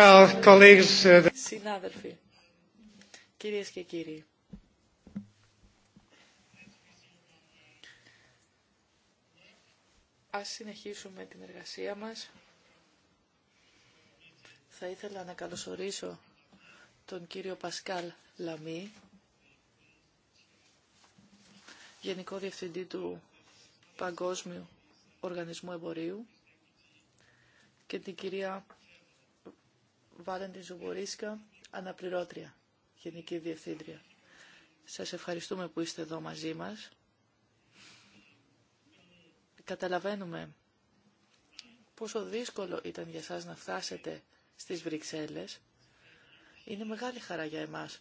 Uh, Συνάδελφοι, κυρίες και κύριοι, ας συνεχίσουμε την εργασία μας. Θα ήθελα να καλωσορίσω τον κύριο Πασκάλ Λαμή, Γενικό Διευθυντή του Παγκόσμιου Οργανισμού Εμπορίου και την κυρία Βάλεντιν Ζουμπορίσκα, αναπληρώτρια, Γενική Διευθύντρια. Σας ευχαριστούμε που είστε εδώ μαζί μας. Καταλαβαίνουμε πόσο δύσκολο ήταν για σας να φτάσετε στις Βρυξέλλες. Είναι μεγάλη χαρά για εμάς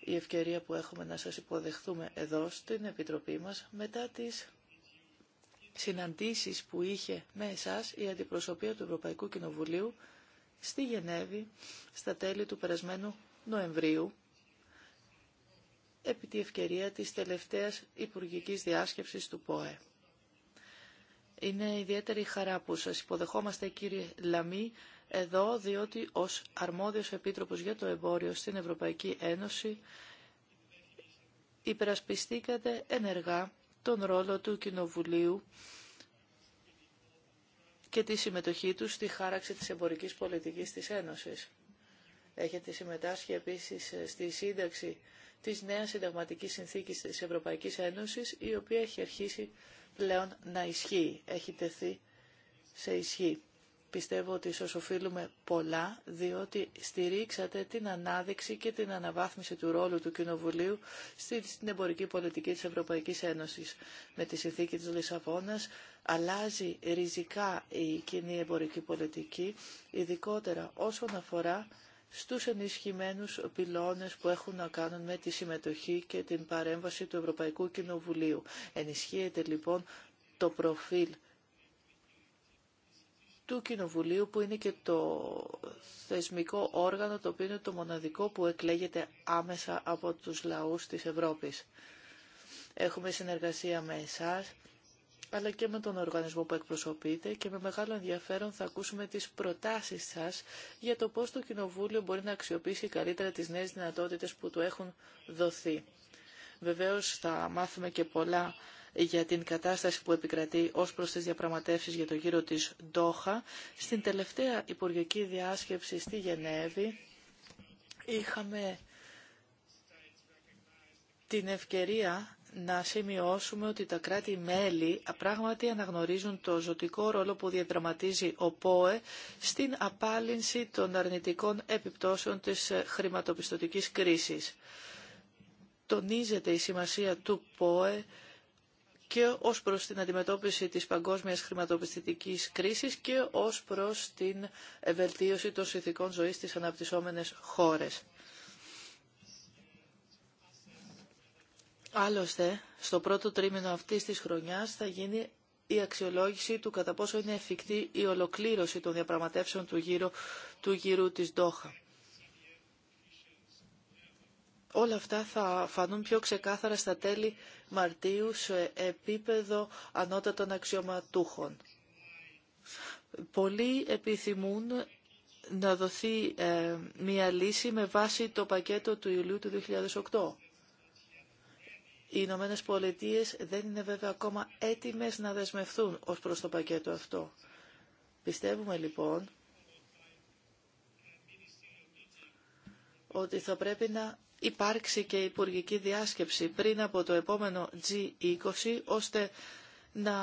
η ευκαιρία που έχουμε να σας υποδεχθούμε εδώ στην Επιτροπή μας μετά τις συναντήσεις που είχε με εσάς η αντιπροσωπεία του Ευρωπαϊκού Κοινοβουλίου στη Γενέβη στα τέλη του περασμένου Νοεμβρίου επί τη ευκαιρία της τελευταίας Υπουργικής Διάσκεψης του ΠΟΕ. Είναι ιδιαίτερη χαρά που σας υποδεχόμαστε κύριε Λαμή εδώ διότι ως αρμόδιος επίτροπος για το εμπόριο στην Ευρωπαϊκή Ένωση υπερασπιστήκατε ενεργά τον ρόλο του Κοινοβουλίου και τη συμμετοχή τους στη χάραξη της εμπορικής πολιτικής της Ένωσης. Έχετε συμμετάσχει επίσης ε, στη σύνταξη της νέας συνταγματικής συνθήκης της Ευρωπαϊκής Ένωσης, η οποία έχει αρχίσει πλέον να ισχύει, έχει τεθεί σε ισχύ πιστεύω ότι ίσως οφείλουμε πολλά, διότι στηρίξατε την ανάδειξη και την αναβάθμιση του ρόλου του Κοινοβουλίου στην εμπορική πολιτική της Ευρωπαϊκής Ένωσης. Με τη συνθήκη της Λισαβόνας αλλάζει ριζικά η κοινή εμπορική πολιτική, ειδικότερα όσον αφορά στους ενισχυμένους πυλώνες που έχουν να κάνουν με τη συμμετοχή και την παρέμβαση του Ευρωπαϊκού Κοινοβουλίου. Ενισχύεται λοιπόν το προφίλ του Κοινοβουλίου που είναι και το θεσμικό όργανο το οποίο είναι το μοναδικό που εκλέγεται άμεσα από τους λαούς της Ευρώπης. Έχουμε συνεργασία με εσάς, αλλά και με τον οργανισμό που εκπροσωπείτε και με μεγάλο ενδιαφέρον θα ακούσουμε τις προτάσεις σας για το πώς το Κοινοβούλιο μπορεί να αξιοποιήσει καλύτερα τις νέες δυνατότητες που του έχουν δοθεί. Βεβαίως θα μάθουμε και πολλά για την κατάσταση που επικρατεί ως προς τις διαπραγματεύσεις για το γύρο της Ντόχα. Στην τελευταία υπουργική διάσκεψη στη Γενέβη είχαμε την ευκαιρία να σημειώσουμε ότι τα κράτη-μέλη πράγματι αναγνωρίζουν το ζωτικό ρόλο που διαδραματίζει ο ΠΟΕ στην απάλυνση των αρνητικών επιπτώσεων της χρηματοπιστωτικής κρίσης. Τονίζεται η σημασία του ΠΟΕ και ως προς την αντιμετώπιση της παγκόσμιας χρηματοπιστωτικής κρίσης και ως προς την ευελτίωση των συνθηκών ζωής στις αναπτυσσόμενες χώρες. Άλλωστε, στο πρώτο τρίμηνο αυτής της χρονιάς θα γίνει η αξιολόγηση του κατά πόσο είναι εφικτή η ολοκλήρωση των διαπραγματεύσεων του γύρου, του γύρου της Ντόχα. Όλα αυτά θα φανούν πιο ξεκάθαρα στα τέλη Μαρτίου σε επίπεδο ανώτατων αξιωματούχων. Πολλοί επιθυμούν να δοθεί ε, μια λύση με βάση το πακέτο του Ιουλίου του 2008. Οι Ηνωμένε Πολιτείε δεν είναι βέβαια ακόμα έτοιμες να δεσμευθούν ως προς το πακέτο αυτό. Πιστεύουμε λοιπόν ότι θα πρέπει να υπάρξει και υπουργική διάσκεψη πριν από το επόμενο G20, ώστε να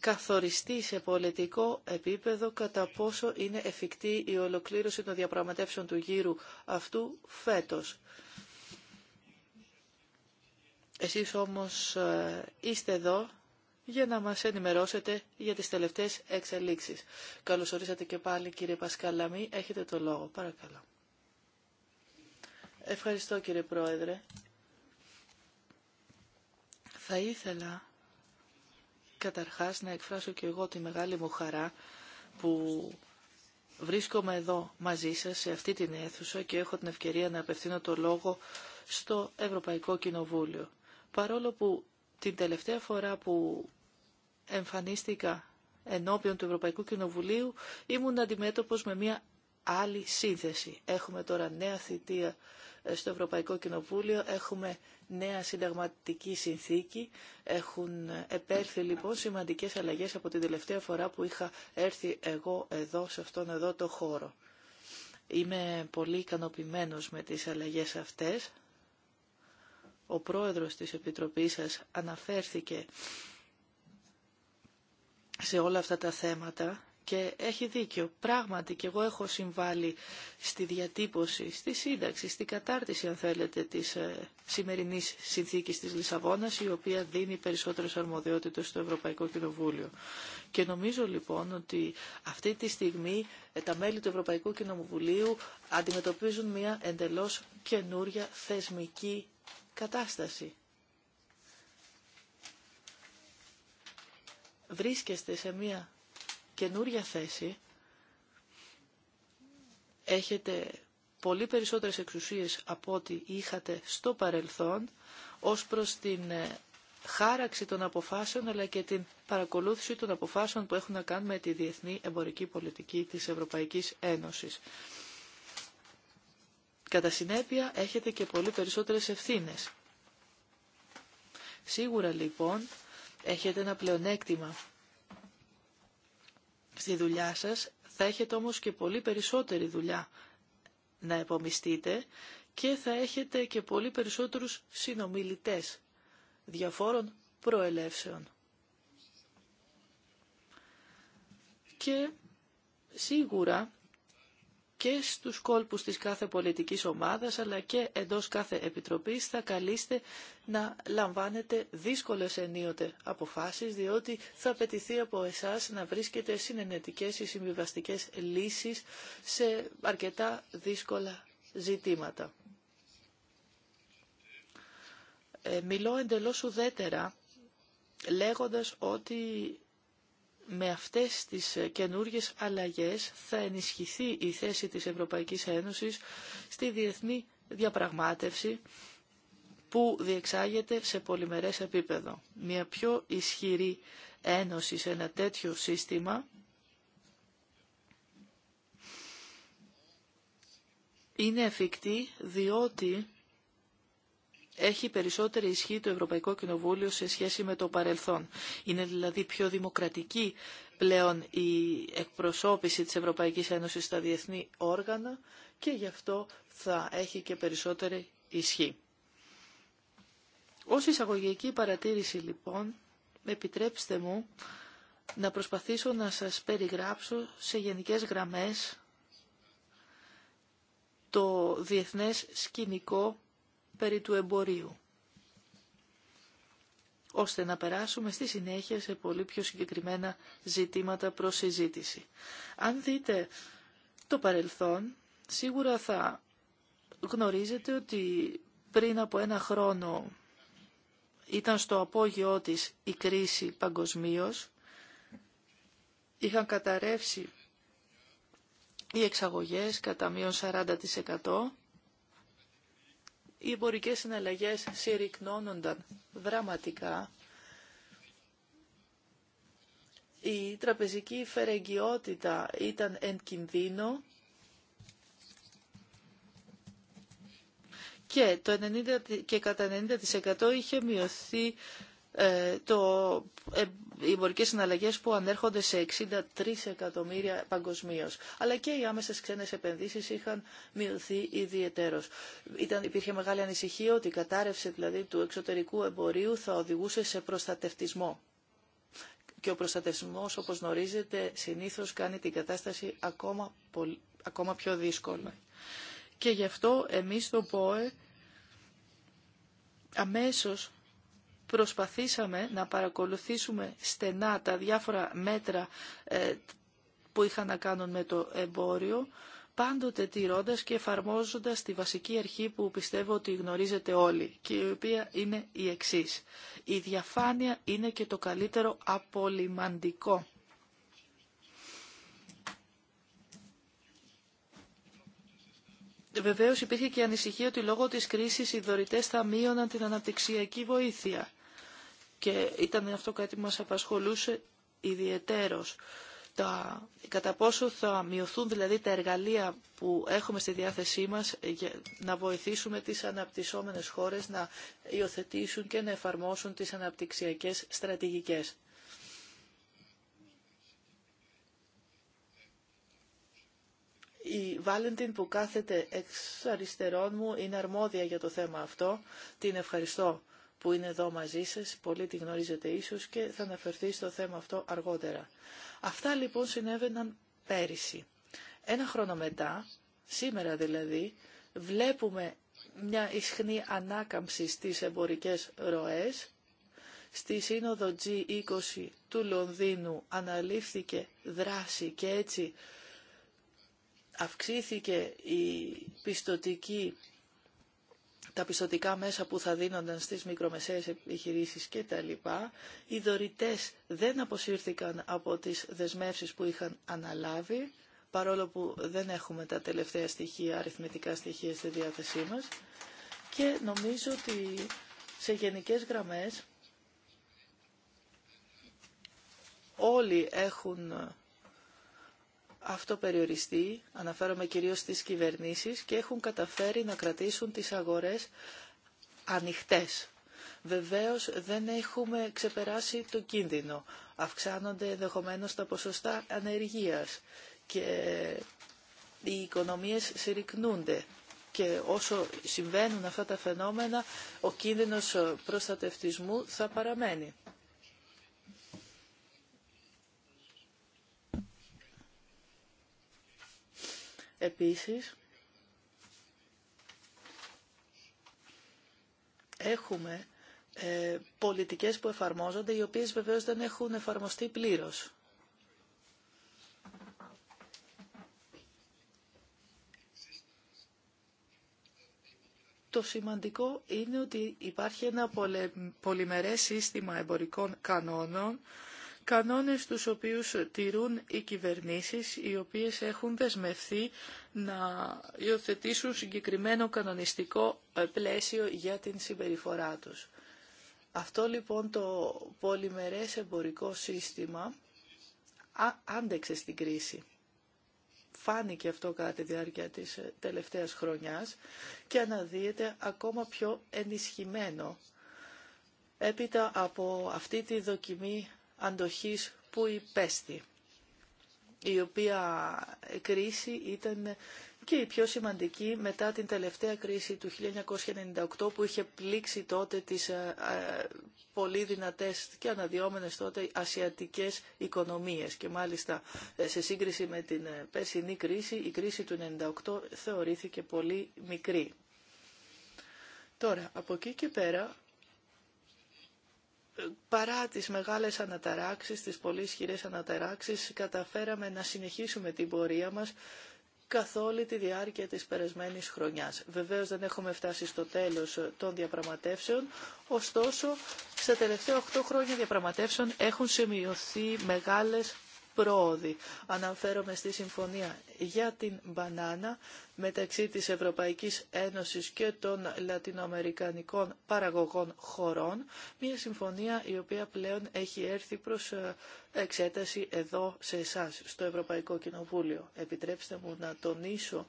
καθοριστεί σε πολιτικό επίπεδο κατά πόσο είναι εφικτή η ολοκλήρωση των διαπραγματεύσεων του γύρου αυτού φέτος. Εσείς όμως ε, είστε εδώ για να μας ενημερώσετε για τις τελευταίες εξελίξεις. Καλωσορίσατε και πάλι κύριε Πασκαλαμή. Έχετε το λόγο. Παρακαλώ. Ευχαριστώ κύριε Πρόεδρε. Θα ήθελα καταρχάς να εκφράσω και εγώ τη μεγάλη μου χαρά που βρίσκομαι εδώ μαζί σας σε αυτή την αίθουσα και έχω την ευκαιρία να απευθύνω το λόγο στο Ευρωπαϊκό Κοινοβούλιο. Παρόλο που την τελευταία φορά που εμφανίστηκα ενώπιον του Ευρωπαϊκού Κοινοβουλίου ήμουν αντιμέτωπος με μια άλλη σύνθεση. Έχουμε τώρα νέα θητεία στο Ευρωπαϊκό Κοινοβούλιο. Έχουμε νέα συνταγματική συνθήκη. Έχουν επέλθει λοιπόν σημαντικές αλλαγές από την τελευταία φορά που είχα έρθει εγώ εδώ, σε αυτόν εδώ το χώρο. Είμαι πολύ ικανοποιημένος με τις αλλαγές αυτές. Ο πρόεδρος της Επιτροπής σας αναφέρθηκε σε όλα αυτά τα θέματα και έχει δίκιο. Πράγματι και εγώ έχω συμβάλει στη διατύπωση, στη σύνταξη, στη κατάρτιση αν θέλετε της ε, σημερινής συνθήκης της Λισαβόνας η οποία δίνει περισσότερες αρμοδιότητες στο Ευρωπαϊκό Κοινοβούλιο. Και νομίζω λοιπόν ότι αυτή τη στιγμή ε, τα μέλη του Ευρωπαϊκού Κοινοβουλίου αντιμετωπίζουν μια εντελώς καινούρια θεσμική κατάσταση. Βρίσκεστε σε μια καινούρια θέση έχετε πολύ περισσότερες εξουσίες από ό,τι είχατε στο παρελθόν ως προς την ε, χάραξη των αποφάσεων αλλά και την παρακολούθηση των αποφάσεων που έχουν να κάνουν με τη διεθνή εμπορική πολιτική της Ευρωπαϊκής Ένωσης. Κατά συνέπεια έχετε και πολύ περισσότερες ευθύνες. Σίγουρα λοιπόν έχετε ένα πλεονέκτημα στη δουλειά σας, θα έχετε όμως και πολύ περισσότερη δουλειά να επομιστείτε και θα έχετε και πολύ περισσότερους συνομιλητές διαφόρων προελεύσεων. Και σίγουρα και στους κόλπους της κάθε πολιτικής ομάδας αλλά και εντός κάθε επιτροπής θα καλείστε να λαμβάνετε δύσκολες ενίοτε αποφάσεις διότι θα απαιτηθεί από εσάς να βρίσκετε συνενετικές ή συμβιβαστικές λύσεις σε αρκετά δύσκολα ζητήματα. Ε, μιλώ εντελώς ουδέτερα λέγοντας ότι με αυτές τις ε, καινούργιες αλλαγές θα ενισχυθεί η θέση της Ευρωπαϊκής Ένωσης στη διεθνή διαπραγμάτευση που διεξάγεται σε πολυμερές επίπεδο. Μια πιο ισχυρή ένωση σε ένα τέτοιο σύστημα είναι εφικτή διότι έχει περισσότερη ισχύ το Ευρωπαϊκό Κοινοβούλιο σε σχέση με το παρελθόν. Είναι δηλαδή πιο δημοκρατική πλέον η εκπροσώπηση της Ευρωπαϊκής Ένωσης στα διεθνή όργανα και γι' αυτό θα έχει και περισσότερη ισχύ. Ως εισαγωγική παρατήρηση λοιπόν, επιτρέψτε μου να προσπαθήσω να σας περιγράψω σε γενικές γραμμές το διεθνές σκηνικό περί του εμπορίου ώστε να περάσουμε στη συνέχεια σε πολύ πιο συγκεκριμένα ζητήματα προς συζήτηση. Αν δείτε το παρελθόν, σίγουρα θα γνωρίζετε ότι πριν από ένα χρόνο ήταν στο απόγειό της η κρίση παγκοσμίω. Είχαν καταρρεύσει οι εξαγωγές κατά μείον 40% οι εμπορικέ συναλλαγέ συρρυκνώνονταν δραματικά, η τραπεζική φερεγγιότητα ήταν εν κινδύνο και, το 90, και κατά 90% είχε μειωθεί ε, το, ε, οι εμπορικέ συναλλαγέ που ανέρχονται σε 63 εκατομμύρια παγκοσμίω. Αλλά και οι άμεσε ξένε επενδύσει είχαν μειωθεί ιδιαιτέρω. Υπήρχε μεγάλη ανησυχία ότι η κατάρρευση δηλαδή, του εξωτερικού εμπορίου θα οδηγούσε σε προστατευτισμό. Και ο προστατευτισμός, όπως γνωρίζετε, συνήθως κάνει την κατάσταση ακόμα, ακόμα πιο δύσκολη. Και γι' αυτό εμεί στο ΠΟΕ αμέσως προσπαθήσαμε να παρακολουθήσουμε στενά τα διάφορα μέτρα ε, που είχαν να κάνουν με το εμπόριο, πάντοτε τηρώντας και εφαρμόζοντας τη βασική αρχή που πιστεύω ότι γνωρίζετε όλοι και η οποία είναι η εξής. Η διαφάνεια είναι και το καλύτερο απολυμαντικό. Βεβαίως υπήρχε και ανησυχία ότι λόγω της κρίσης οι δωρητές θα μείωναν την αναπτυξιακή βοήθεια και ήταν αυτό κάτι που μας απασχολούσε ιδιαιτέρως. Τα, κατά πόσο θα μειωθούν δηλαδή τα εργαλεία που έχουμε στη διάθεσή μας για να βοηθήσουμε τις αναπτυσσόμενες χώρες να υιοθετήσουν και να εφαρμόσουν τις αναπτυξιακές στρατηγικές. Η Βάλεντιν που κάθεται εξ αριστερών μου είναι αρμόδια για το θέμα αυτό. Την ευχαριστώ που είναι εδώ μαζί σας, πολύ τη γνωρίζετε ίσως και θα αναφερθεί στο θέμα αυτό αργότερα. Αυτά λοιπόν συνέβαιναν πέρυσι. Ένα χρόνο μετά, σήμερα δηλαδή, βλέπουμε μια ισχνή ανάκαμψη στις εμπορικές ροές. Στη σύνοδο G20 του Λονδίνου αναλήφθηκε δράση και έτσι αυξήθηκε η πιστοτική τα πιστοτικά μέσα που θα δίνονταν στις μικρομεσαίες επιχειρήσεις κτλ. οι δωρητές δεν αποσύρθηκαν από τις δεσμεύσεις που είχαν αναλάβει, παρόλο που δεν έχουμε τα τελευταία στοιχεία, αριθμητικά στοιχεία στη διάθεσή μας. Και νομίζω ότι σε γενικές γραμμές όλοι έχουν αυτό περιοριστεί, αναφέρομαι κυρίως στις κυβερνήσεις και έχουν καταφέρει να κρατήσουν τις αγορές ανοιχτές. Βεβαίως δεν έχουμε ξεπεράσει το κίνδυνο. Αυξάνονται ενδεχομένως τα ποσοστά ανεργίας και οι οικονομίες συρρυκνούνται και όσο συμβαίνουν αυτά τα φαινόμενα ο κίνδυνος προστατευτισμού θα παραμένει. Επίσης, έχουμε ε, πολιτικές που εφαρμόζονται, οι οποίες βεβαίως δεν έχουν εφαρμοστεί πλήρως. Το σημαντικό είναι ότι υπάρχει ένα πολυμερές σύστημα εμπορικών κανόνων κανόνες τους οποίους τηρούν οι κυβερνήσεις οι οποίες έχουν δεσμευθεί να υιοθετήσουν συγκεκριμένο κανονιστικό ε, πλαίσιο για την συμπεριφορά τους. Αυτό λοιπόν το πολυμερές εμπορικό σύστημα άντεξε στην κρίση. Φάνηκε αυτό κατά τη διάρκεια της ε, τελευταίας χρονιάς και αναδύεται ακόμα πιο ενισχυμένο έπειτα από αυτή τη δοκιμή αντοχής που υπέστη, η οποία κρίση ήταν και η πιο σημαντική μετά την τελευταία κρίση του 1998 που είχε πλήξει τότε τις ε, ε, πολύ δυνατές και αναδυόμενες τότε ασιατικές οικονομίες. Και μάλιστα ε, σε σύγκριση με την πέσινή κρίση, η κρίση του 1998 θεωρήθηκε πολύ μικρή. Τώρα, από εκεί και πέρα παρά τις μεγάλες αναταράξεις, τις πολύ ισχυρέ αναταράξεις, καταφέραμε να συνεχίσουμε την πορεία μας καθ' όλη τη διάρκεια της περασμένης χρονιάς. Βεβαίως δεν έχουμε φτάσει στο τέλος των διαπραγματεύσεων, ωστόσο στα τελευταία 8 χρόνια διαπραγματεύσεων έχουν σημειωθεί μεγάλες πρόοδοι. Αναφέρομαι στη συμφωνία για την μπανάνα μεταξύ της Ευρωπαϊκής Ένωσης και των λατινοαμερικανικών παραγωγών χωρών. Μια συμφωνία η οποία πλέον έχει έρθει προς ε, εξέταση εδώ σε εσάς, στο Ευρωπαϊκό Κοινοβούλιο. Επιτρέψτε μου να τονίσω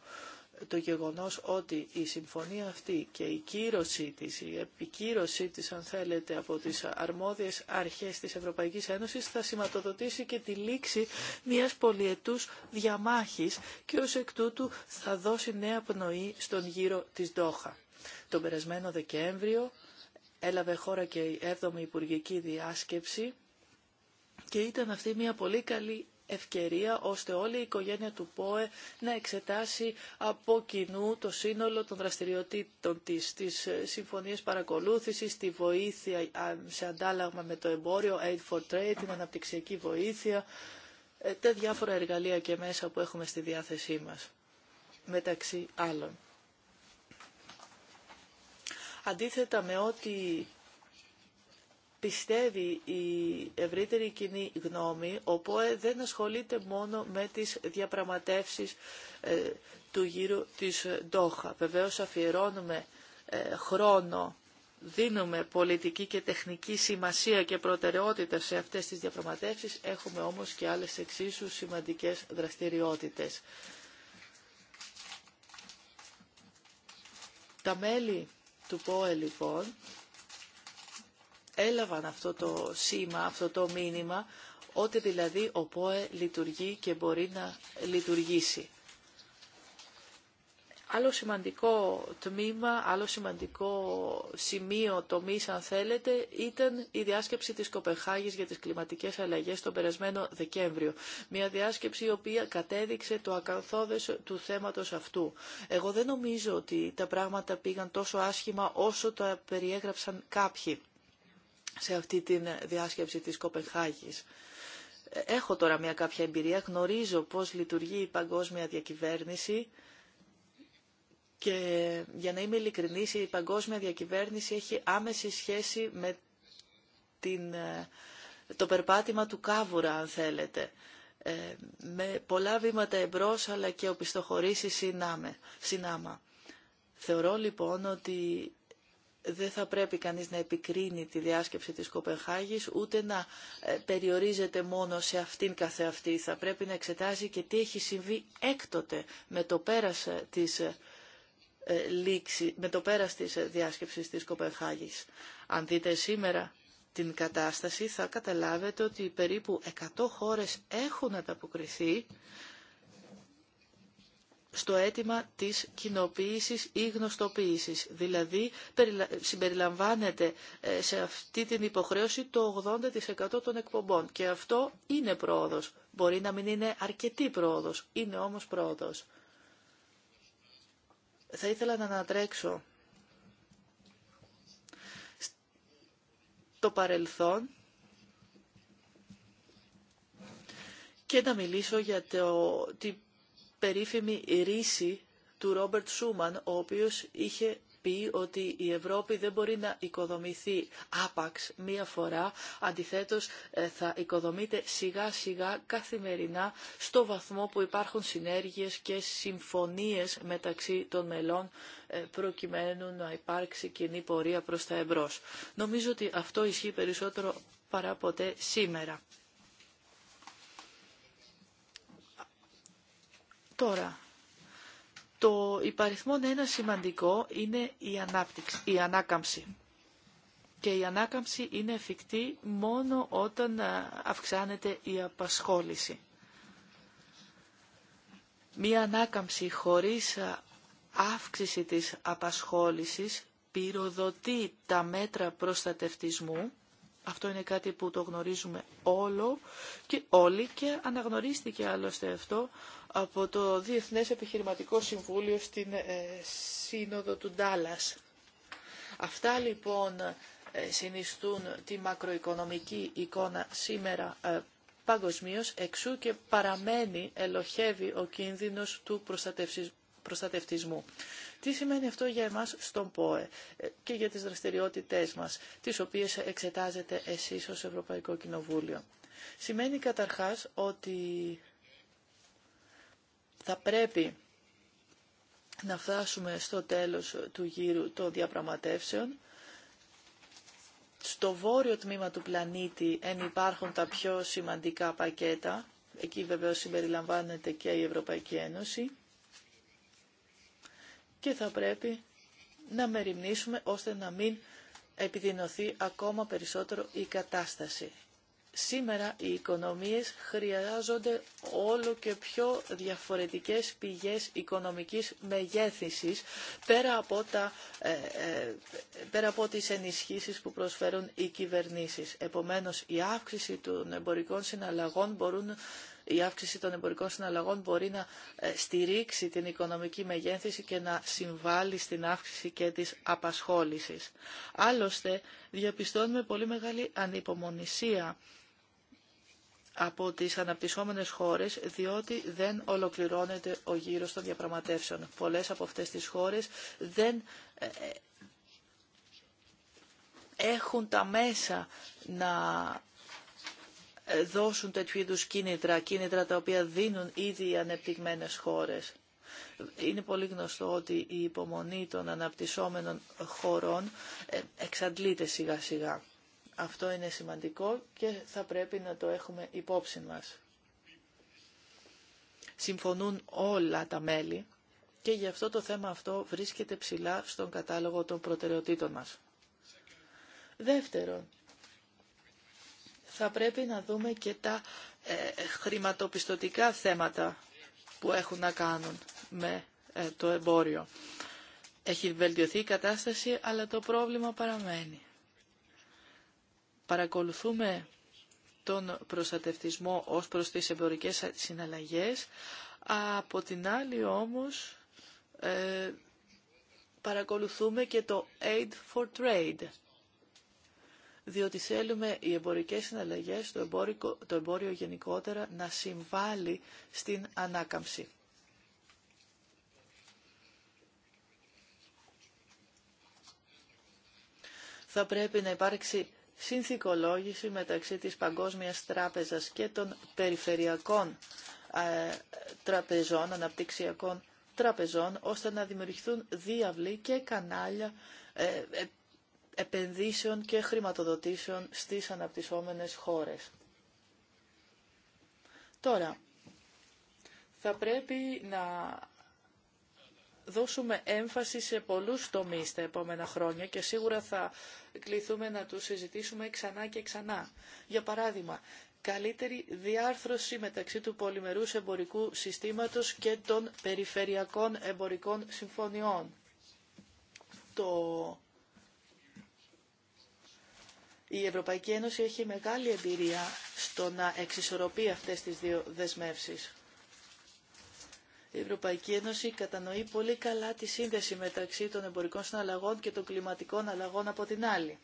το γεγονός ότι η συμφωνία αυτή και η κύρωσή της, η επικύρωσή της αν θέλετε από τις αρμόδιες αρχές της Ευρωπαϊκής Ένωσης θα σηματοδοτήσει και τη λήξη μιας πολιετούς διαμάχης και ως εκ τούτου θα δώσει νέα πνοή στον γύρο της Ντόχα. Τον περασμένο Δεκέμβριο έλαβε χώρα και η 7η Υπουργική Διάσκεψη και ήταν αυτή μια πολύ καλή ευκαιρία ώστε όλη η οικογένεια του ΠΟΕ να εξετάσει από κοινού το σύνολο των δραστηριοτήτων της, τις συμφωνίες παρακολούθησης, τη βοήθεια σε αντάλλαγμα με το εμπόριο, Aid for Trade, την αναπτυξιακή βοήθεια, ε, τα διάφορα εργαλεία και μέσα που έχουμε στη διάθεσή μας, μεταξύ άλλων. Αντίθετα με ό,τι πιστεύει η ευρύτερη κοινή γνώμη, ο ΠΟΕ δεν ασχολείται μόνο με τις διαπραγματεύσεις ε, του γύρου της Ντόχα. Βεβαίως αφιερώνουμε ε, χρόνο, δίνουμε πολιτική και τεχνική σημασία και προτεραιότητα σε αυτές τις διαπραγματεύσεις, έχουμε όμως και άλλες εξίσου σημαντικές δραστηριότητες. Τα μέλη του ΠΟΕ λοιπόν έλαβαν αυτό το σήμα, αυτό το μήνυμα, ότι δηλαδή ο ΠΟΕ λειτουργεί και μπορεί να λειτουργήσει. Άλλο σημαντικό τμήμα, άλλο σημαντικό σημείο τομής αν θέλετε ήταν η διάσκεψη της Κοπεχάγης για τις κλιματικές αλλαγές τον περασμένο Δεκέμβριο. Μια διάσκεψη η οποία κατέδειξε το ακαθόδες του θέματος αυτού. Εγώ δεν νομίζω ότι τα πράγματα πήγαν τόσο άσχημα όσο τα περιέγραψαν κάποιοι σε αυτή τη διάσκεψη της Κοπενχάγης. Έχω τώρα μια κάποια εμπειρία, γνωρίζω πώς λειτουργεί η παγκόσμια διακυβέρνηση και για να είμαι ειλικρινής η παγκόσμια διακυβέρνηση έχει άμεση σχέση με την, το περπάτημα του κάβουρα αν θέλετε ε, με πολλά βήματα εμπρός αλλά και οπισθοχωρήσεις συνάμα. Θεωρώ λοιπόν ότι δεν θα πρέπει κανείς να επικρίνει τη διάσκεψη της Κοπενχάγης, ούτε να ε, περιορίζεται μόνο σε αυτήν καθεαυτή. Θα πρέπει να εξετάζει και τι έχει συμβεί έκτοτε με το πέρας ε, της ε, λήξη, με το της διάσκεψης της Κοπενχάγης. Αν δείτε σήμερα την κατάσταση θα καταλάβετε ότι περίπου 100 χώρες έχουν ανταποκριθεί στο αίτημα της κοινοποίηση ή γνωστοποίησης. Δηλαδή συμπεριλαμβάνεται ε, σε αυτή την υποχρέωση το 80% των εκπομπών και αυτό είναι πρόοδος. Μπορεί να μην είναι αρκετή πρόοδος, είναι όμως πρόοδος. Θα ήθελα να ανατρέξω το παρελθόν και να μιλήσω για το, περίφημη ρίση του Ρόμπερτ Σούμαν, ο οποίος είχε πει ότι η Ευρώπη δεν μπορεί να οικοδομηθεί άπαξ μία φορά, αντιθέτως ε, θα οικοδομείται σιγά σιγά καθημερινά στο βαθμό που υπάρχουν συνέργειες και συμφωνίες μεταξύ των μελών ε, προκειμένου να υπάρξει κοινή πορεία προς τα εμπρός. Νομίζω ότι αυτό ισχύει περισσότερο παρά ποτέ σήμερα. Τώρα, το υπαριθμό ένα σημαντικό είναι η, ανάπτυξη, η ανάκαμψη. Και η ανάκαμψη είναι εφικτή μόνο όταν ε, αυξάνεται η απασχόληση. Μία ανάκαμψη χωρίς ε, αύξηση της απασχόλησης πυροδοτεί τα μέτρα προστατευτισμού αυτό είναι κάτι που το γνωρίζουμε όλο και όλοι και αναγνωρίστηκε άλλωστε αυτό από το Διεθνές Επιχειρηματικό Συμβούλιο στην ε, Σύνοδο του Ντάλλας. Αυτά λοιπόν ε, συνιστούν τη μακροοικονομική εικόνα σήμερα ε, παγκοσμίω, εξού και παραμένει, ελοχεύει ο κίνδυνος του προστατευτισμού. Τι σημαίνει αυτό για εμάς στον ΠΟΕ ε, και για τις δραστηριότητές μας, τις οποίες εξετάζετε εσείς ως Ευρωπαϊκό Κοινοβούλιο. Σημαίνει καταρχάς ότι θα πρέπει να φτάσουμε στο τέλος του γύρου των διαπραγματεύσεων. Στο βόρειο τμήμα του πλανήτη εν υπάρχουν τα πιο σημαντικά πακέτα. Εκεί βεβαίως συμπεριλαμβάνεται και η Ευρωπαϊκή Ένωση και θα πρέπει να μεριμνήσουμε ώστε να μην επιδεινωθεί ακόμα περισσότερο η κατάσταση. Σήμερα οι οικονομίες χρειάζονται όλο και πιο διαφορετικές πηγές οικονομικής μεγέθησης πέρα από, τα, ε, ε, πέρα από τις ενισχύσεις που προσφέρουν οι κυβερνήσεις. Επομένως, η αύξηση των εμπορικών συναλλαγών μπορούν η αύξηση των εμπορικών συναλλαγών μπορεί να ε, στηρίξει την οικονομική μεγέθυνση και να συμβάλλει στην αύξηση και της απασχόλησης. Άλλωστε, διαπιστώνουμε πολύ μεγάλη ανυπομονησία από τις αναπτυσσόμενες χώρες, διότι δεν ολοκληρώνεται ο γύρος των διαπραγματεύσεων. Πολλές από αυτές τις χώρες δεν ε, ε, έχουν τα μέσα να ε, δώσουν τέτοιου είδους κίνητρα, κίνητρα τα οποία δίνουν ήδη οι ανεπτυγμένες χώρες. Είναι πολύ γνωστό ότι η υπομονή των αναπτυσσόμενων χωρών ε, εξαντλείται σιγά σιγά. Αυτό είναι σημαντικό και θα πρέπει να το έχουμε υπόψη μας. Συμφωνούν όλα τα μέλη και γι' αυτό το θέμα αυτό βρίσκεται ψηλά στον κατάλογο των προτεραιοτήτων μας. Δεύτερον, θα πρέπει να δούμε και τα ε, χρηματοπιστωτικά θέματα που έχουν να κάνουν με ε, το εμπόριο. Έχει βελτιωθεί η κατάσταση, αλλά το πρόβλημα παραμένει. Παρακολουθούμε τον προστατευτισμό ως προς τις εμπορικές συναλλαγές. Από την άλλη όμως ε, παρακολουθούμε και το Aid for Trade διότι θέλουμε οι εμπορικές συναλλαγές, το εμπόριο, γενικότερα, να συμβάλλει στην ανάκαμψη. Θα πρέπει να υπάρξει συνθηκολόγηση μεταξύ της Παγκόσμιας Τράπεζας και των περιφερειακών ε, τραπεζών, αναπτυξιακών τραπεζών, ώστε να δημιουργηθούν διαβλή και κανάλια ε, επενδύσεων και χρηματοδοτήσεων στις αναπτυσσόμενες χώρες. Τώρα, θα πρέπει να δώσουμε έμφαση σε πολλούς τομείς τα επόμενα χρόνια και σίγουρα θα κληθούμε να τους συζητήσουμε ξανά και ξανά. Για παράδειγμα, καλύτερη διάρθρωση μεταξύ του πολυμερούς εμπορικού συστήματος και των περιφερειακών εμπορικών συμφωνιών. Το η Ευρωπαϊκή Ένωση έχει μεγάλη εμπειρία στο να εξισορροπεί αυτές τις δύο δεσμεύσεις. Η Ευρωπαϊκή Ένωση κατανοεί πολύ καλά τη σύνδεση μεταξύ των εμπορικών συναλλαγών και των κλιματικών αλλαγών από την άλλη.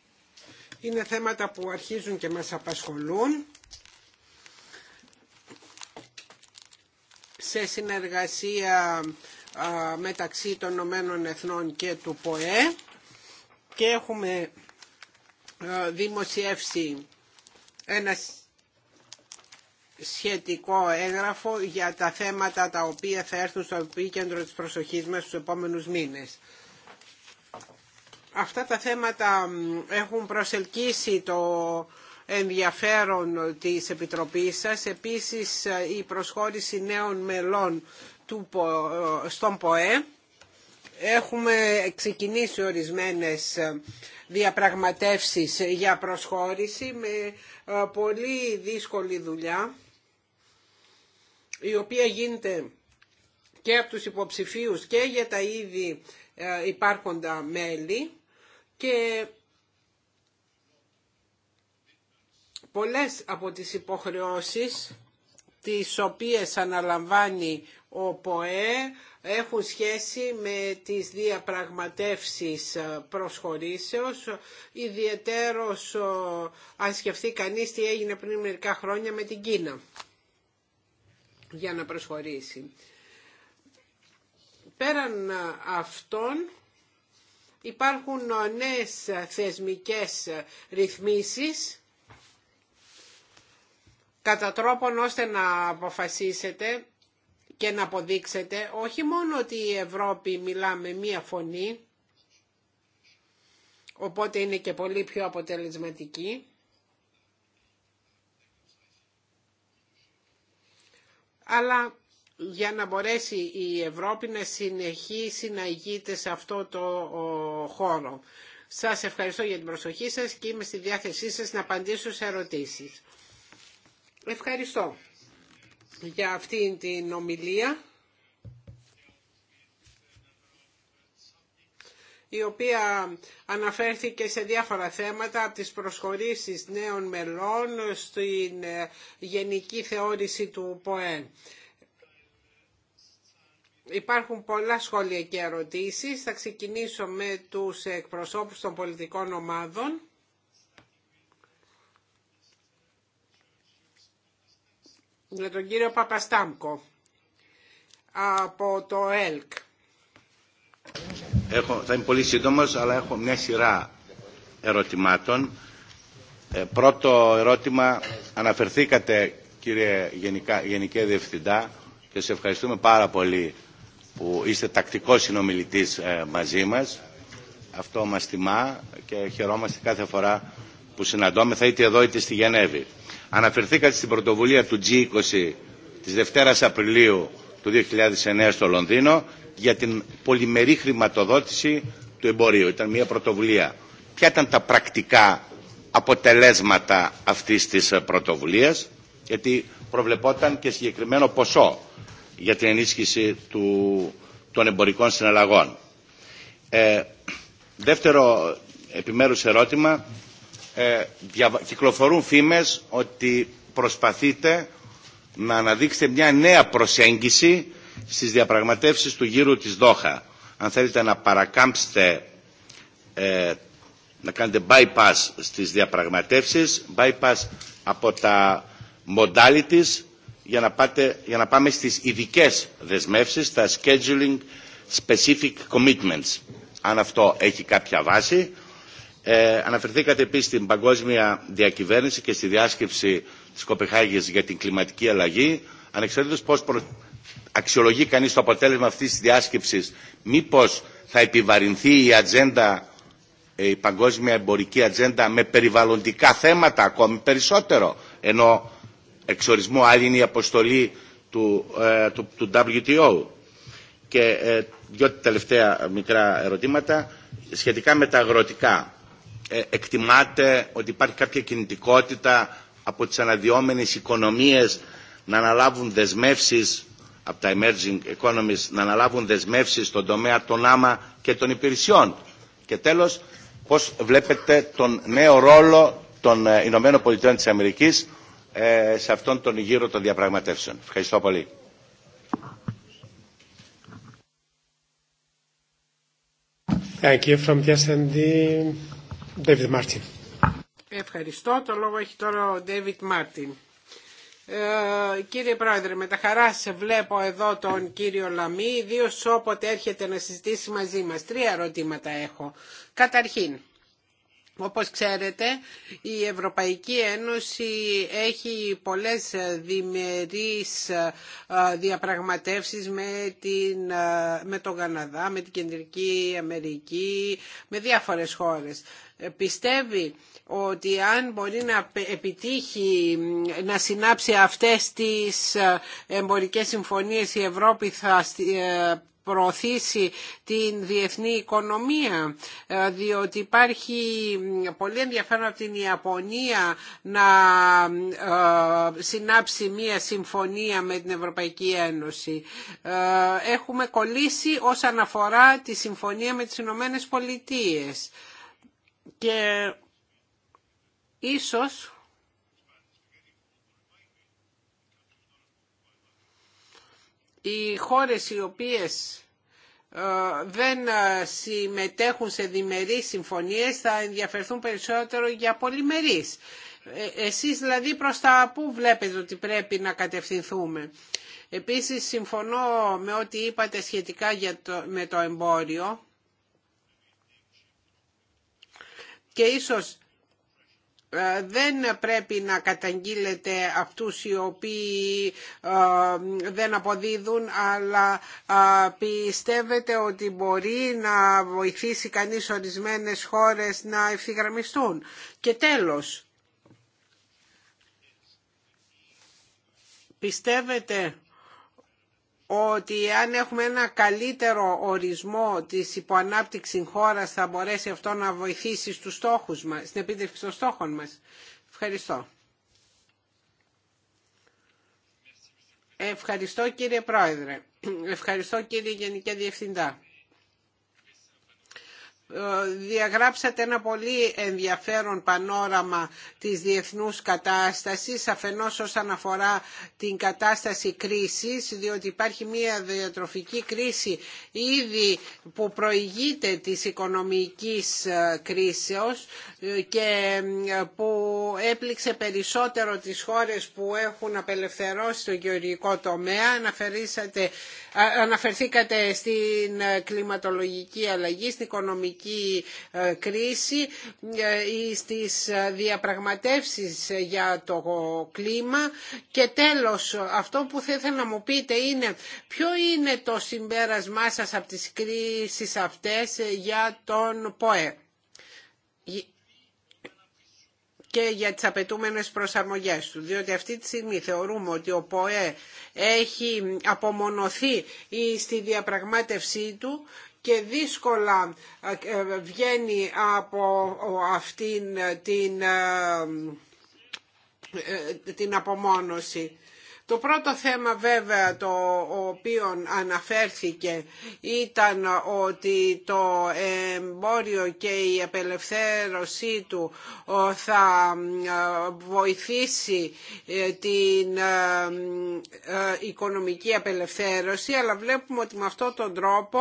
Είναι θέματα που αρχίζουν και μας απασχολούν. Σε συνεργασία μεταξύ των Ηνωμένων Εθνών και του ΠΟΕ και έχουμε ε, δημοσιεύσει ένα σχετικό έγγραφο για τα θέματα τα οποία θα έρθουν στο επίκεντρο της προσοχής μας στους επόμενους μήνες. Αυτά τα θέματα έχουν προσελκύσει το ενδιαφέρον της Επιτροπής σας. Επίσης ε, η προσχώρηση νέων μελών του, ε, στον ΠΟΕ Έχουμε ξεκινήσει ορισμένες ε, διαπραγματεύσεις για προσχώρηση με ε, πολύ δύσκολη δουλειά η οποία γίνεται και από τους υποψηφίους και για τα ήδη ε, υπάρχοντα μέλη και πολλές από τις υποχρεώσεις τις οποίες αναλαμβάνει ο ΠΟΕ έχουν σχέση με τις διαπραγματεύσεις προσχωρήσεως. Ιδιαιτέρως αν σκεφτεί κανείς τι έγινε πριν μερικά χρόνια με την Κίνα για να προσχωρήσει. Πέραν αυτών υπάρχουν νέες θεσμικές ρυθμίσεις κατά τρόπον ώστε να αποφασίσετε και να αποδείξετε όχι μόνο ότι η Ευρώπη μιλά με μία φωνή, οπότε είναι και πολύ πιο αποτελεσματική, αλλά για να μπορέσει η Ευρώπη να συνεχίσει να ηγείται σε αυτό το χώρο. Σας ευχαριστώ για την προσοχή σας και είμαι στη διάθεσή σας να απαντήσω σε ερωτήσεις. Ευχαριστώ για αυτήν την ομιλία η οποία αναφέρθηκε σε διάφορα θέματα από τις προσχωρήσεις νέων μελών στην ε, γενική θεώρηση του ΠΟΕ. Υπάρχουν πολλά σχόλια και ερωτήσεις. Θα ξεκινήσω με τους εκπροσώπους των πολιτικών ομάδων. για τον κύριο Παπαστάμκο από το ΕΛΚ. Έχω, θα είμαι πολύ σύντομος, αλλά έχω μια σειρά ερωτημάτων. Ε, πρώτο ερώτημα, αναφερθήκατε κύριε Γενικά, Γενικέ Διευθυντά και σε ευχαριστούμε πάρα πολύ που είστε τακτικός συνομιλητής ε, μαζί μας. Αυτό μας τιμά και χαιρόμαστε κάθε φορά που συναντώμεθα είτε εδώ είτε στη Γενέβη. Αναφερθήκατε στην πρωτοβουλία του G20 της Δευτέρας Απριλίου του 2009 στο Λονδίνο για την πολυμερή χρηματοδότηση του εμπορίου. Ήταν μια πρωτοβουλία. Ποια ήταν τα πρακτικά αποτελέσματα αυτής της πρωτοβουλίας γιατί προβλεπόταν και συγκεκριμένο ποσό για την ενίσχυση του, των εμπορικών συναλλαγών. Ε, δεύτερο επιμέρους ερώτημα ε, κυκλοφορούν φήμες ότι προσπαθείτε να αναδείξετε μια νέα προσέγγιση στις διαπραγματεύσεις του γύρου της Δόχα. Αν θέλετε να παρακάμψετε, ε, να κάνετε bypass στις διαπραγματεύσεις, bypass από τα modalities για να, πάτε, για να πάμε στις ειδικέ δεσμεύσεις, τα scheduling specific commitments. Αν αυτό έχει κάποια βάση, ε, αναφερθήκατε επίσης στην παγκόσμια διακυβέρνηση και στη διάσκεψη της Κοπεχάγης για την κλιματική αλλαγή. Ανεξαρτήτως πώς αξιολογεί κανείς το αποτέλεσμα αυτής της διάσκεψης, μήπως θα επιβαρυνθεί η ε, η παγκόσμια εμπορική ατζέντα με περιβαλλοντικά θέματα ακόμη περισσότερο, ενώ εξορισμού άλλη είναι η αποστολή του, ε, του, WTO. Και ε, δυο τελευταία μικρά ερωτήματα σχετικά με τα αγροτικά. Ε, εκτιμάτε ότι υπάρχει κάποια κινητικότητα από τις αναδυόμενες οικονομίες να αναλάβουν δεσμεύσεις από τα emerging economies να αναλάβουν δεσμεύσεις στον τομέα των άμα και των υπηρεσιών. Και τέλος, πώς βλέπετε τον νέο ρόλο των ε, Ηνωμένων Πολιτειών της Αμερικής ε, σε αυτόν τον γύρο των διαπραγματεύσεων. Ευχαριστώ πολύ. Thank you from David Ευχαριστώ. Το λόγο έχει τώρα ο David Μάρτιν. Ε, κύριε Πρόεδρε, με τα χαρά σε βλέπω εδώ τον κύριο Λαμί, ιδίω όποτε έρχεται να συζητήσει μαζί μας. Τρία ερωτήματα έχω. Καταρχήν, όπως ξέρετε, η Ευρωπαϊκή Ένωση έχει πολλές διμερείς ε, διαπραγματεύσεις με, την, ε, με τον Καναδά, με την Κεντρική Αμερική, με διάφορες χώρες. Ε, πιστεύει ότι αν μπορεί να επιτύχει να συνάψει αυτές τις ε, εμπορικές συμφωνίες η Ευρώπη θα ε, προωθήσει την διεθνή οικονομία διότι υπάρχει πολύ ενδιαφέρον από την Ιαπωνία να συνάψει μία συμφωνία με την Ευρωπαϊκή Ένωση. Έχουμε κολλήσει όσον αφορά τη συμφωνία με τις Ηνωμένε Πολιτείες και ίσως οι χώρες οι οποίες ε, δεν ε, συμμετέχουν σε διμερείς συμφωνίες θα ενδιαφερθούν περισσότερο για πολυμερείς. Ε, εσείς δηλαδή προς τα πού βλέπετε ότι πρέπει να κατευθυνθούμε. Επίσης συμφωνώ με ό,τι είπατε σχετικά με το εμπόριο και ίσως ε, δεν πρέπει να καταγγείλετε αυτούς οι οποίοι ε, δεν αποδίδουν αλλά ε, πιστεύετε ότι μπορεί να βοηθήσει κανείς ορισμένες χώρες να ευθυγραμμιστούν. Και τέλος, πιστεύετε ότι αν έχουμε ένα καλύτερο ορισμό της υποανάπτυξη χώρας θα μπορέσει αυτό να βοηθήσει στους στόχους μας, στην επίτευξη των στόχων μας. Ευχαριστώ. Ευχαριστώ κύριε Πρόεδρε. Ευχαριστώ κύριε Γενική Διευθυντά διαγράψατε ένα πολύ ενδιαφέρον πανόραμα της διεθνούς κατάστασης αφενός όσον αφορά την κατάσταση κρίσης διότι υπάρχει μια διατροφική κρίση ήδη που προηγείται της οικονομικής ε, κρίσεως ε, και ε, που έπληξε περισσότερο τις χώρες που έχουν απελευθερώσει το γεωργικό τομέα αναφερθήκατε στην κλιματολογική αλλαγή, στην οικονομική οικονομική ε, κρίση ε, στις ε, διαπραγματεύσεις για το κλίμα και τέλος αυτό που θα ήθελα να μου πείτε είναι ποιο είναι το συμπέρασμά σας από τις κρίσεις αυτές για τον ΠΟΕ και για τις απαιτούμενες προσαρμογές του. Διότι αυτή τη στιγμή θεωρούμε ότι ο ΠΟΕ έχει απομονωθεί στη διαπραγμάτευσή του και δύσκολα ε, ε, βγαίνει από αυτήν την, ε, την απομόνωση. Το πρώτο θέμα βέβαια το οποίο αναφέρθηκε ήταν ότι το εμπόριο και η απελευθέρωσή του θα ε, βοηθήσει ε, την ε, οικονομική απελευθέρωση αλλά βλέπουμε ότι με αυτόν τον τρόπο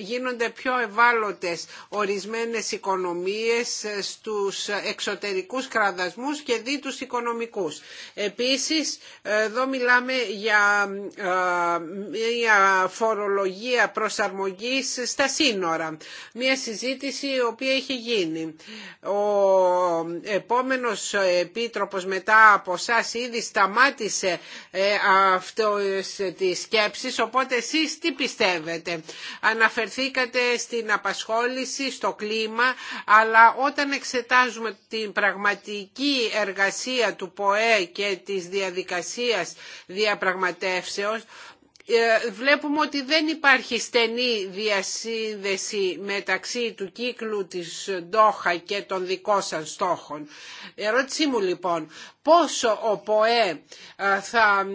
γίνονται πιο ευάλωτες ορισμένες οικονομίες στους εξωτερικούς κραδασμούς και δι οικονομικούς. Επίσης Επίσης Εδώ μιλάμε για ε, μια φορολογία προσαρμογής στα σύνορα. Μια συζήτηση η οποία έχει γίνει. Ο επόμενος επίτροπος μετά από εσά ήδη σταμάτησε ε, αυτές τις σκέψεις, οπότε εσείς τι πιστεύετε. Αναφερθήκατε στην απασχόληση, στο κλίμα, αλλά όταν εξετάζουμε την πραγματική εργασία του ΠΟΕ και της διαδικασίες διαδικασίας διαπραγματεύσεως ε, βλέπουμε ότι δεν υπάρχει στενή διασύνδεση μεταξύ του κύκλου της Ντόχα και των δικών σας στόχων. Ερώτησή μου λοιπόν, πόσο ο ΠΟΕ ε, θα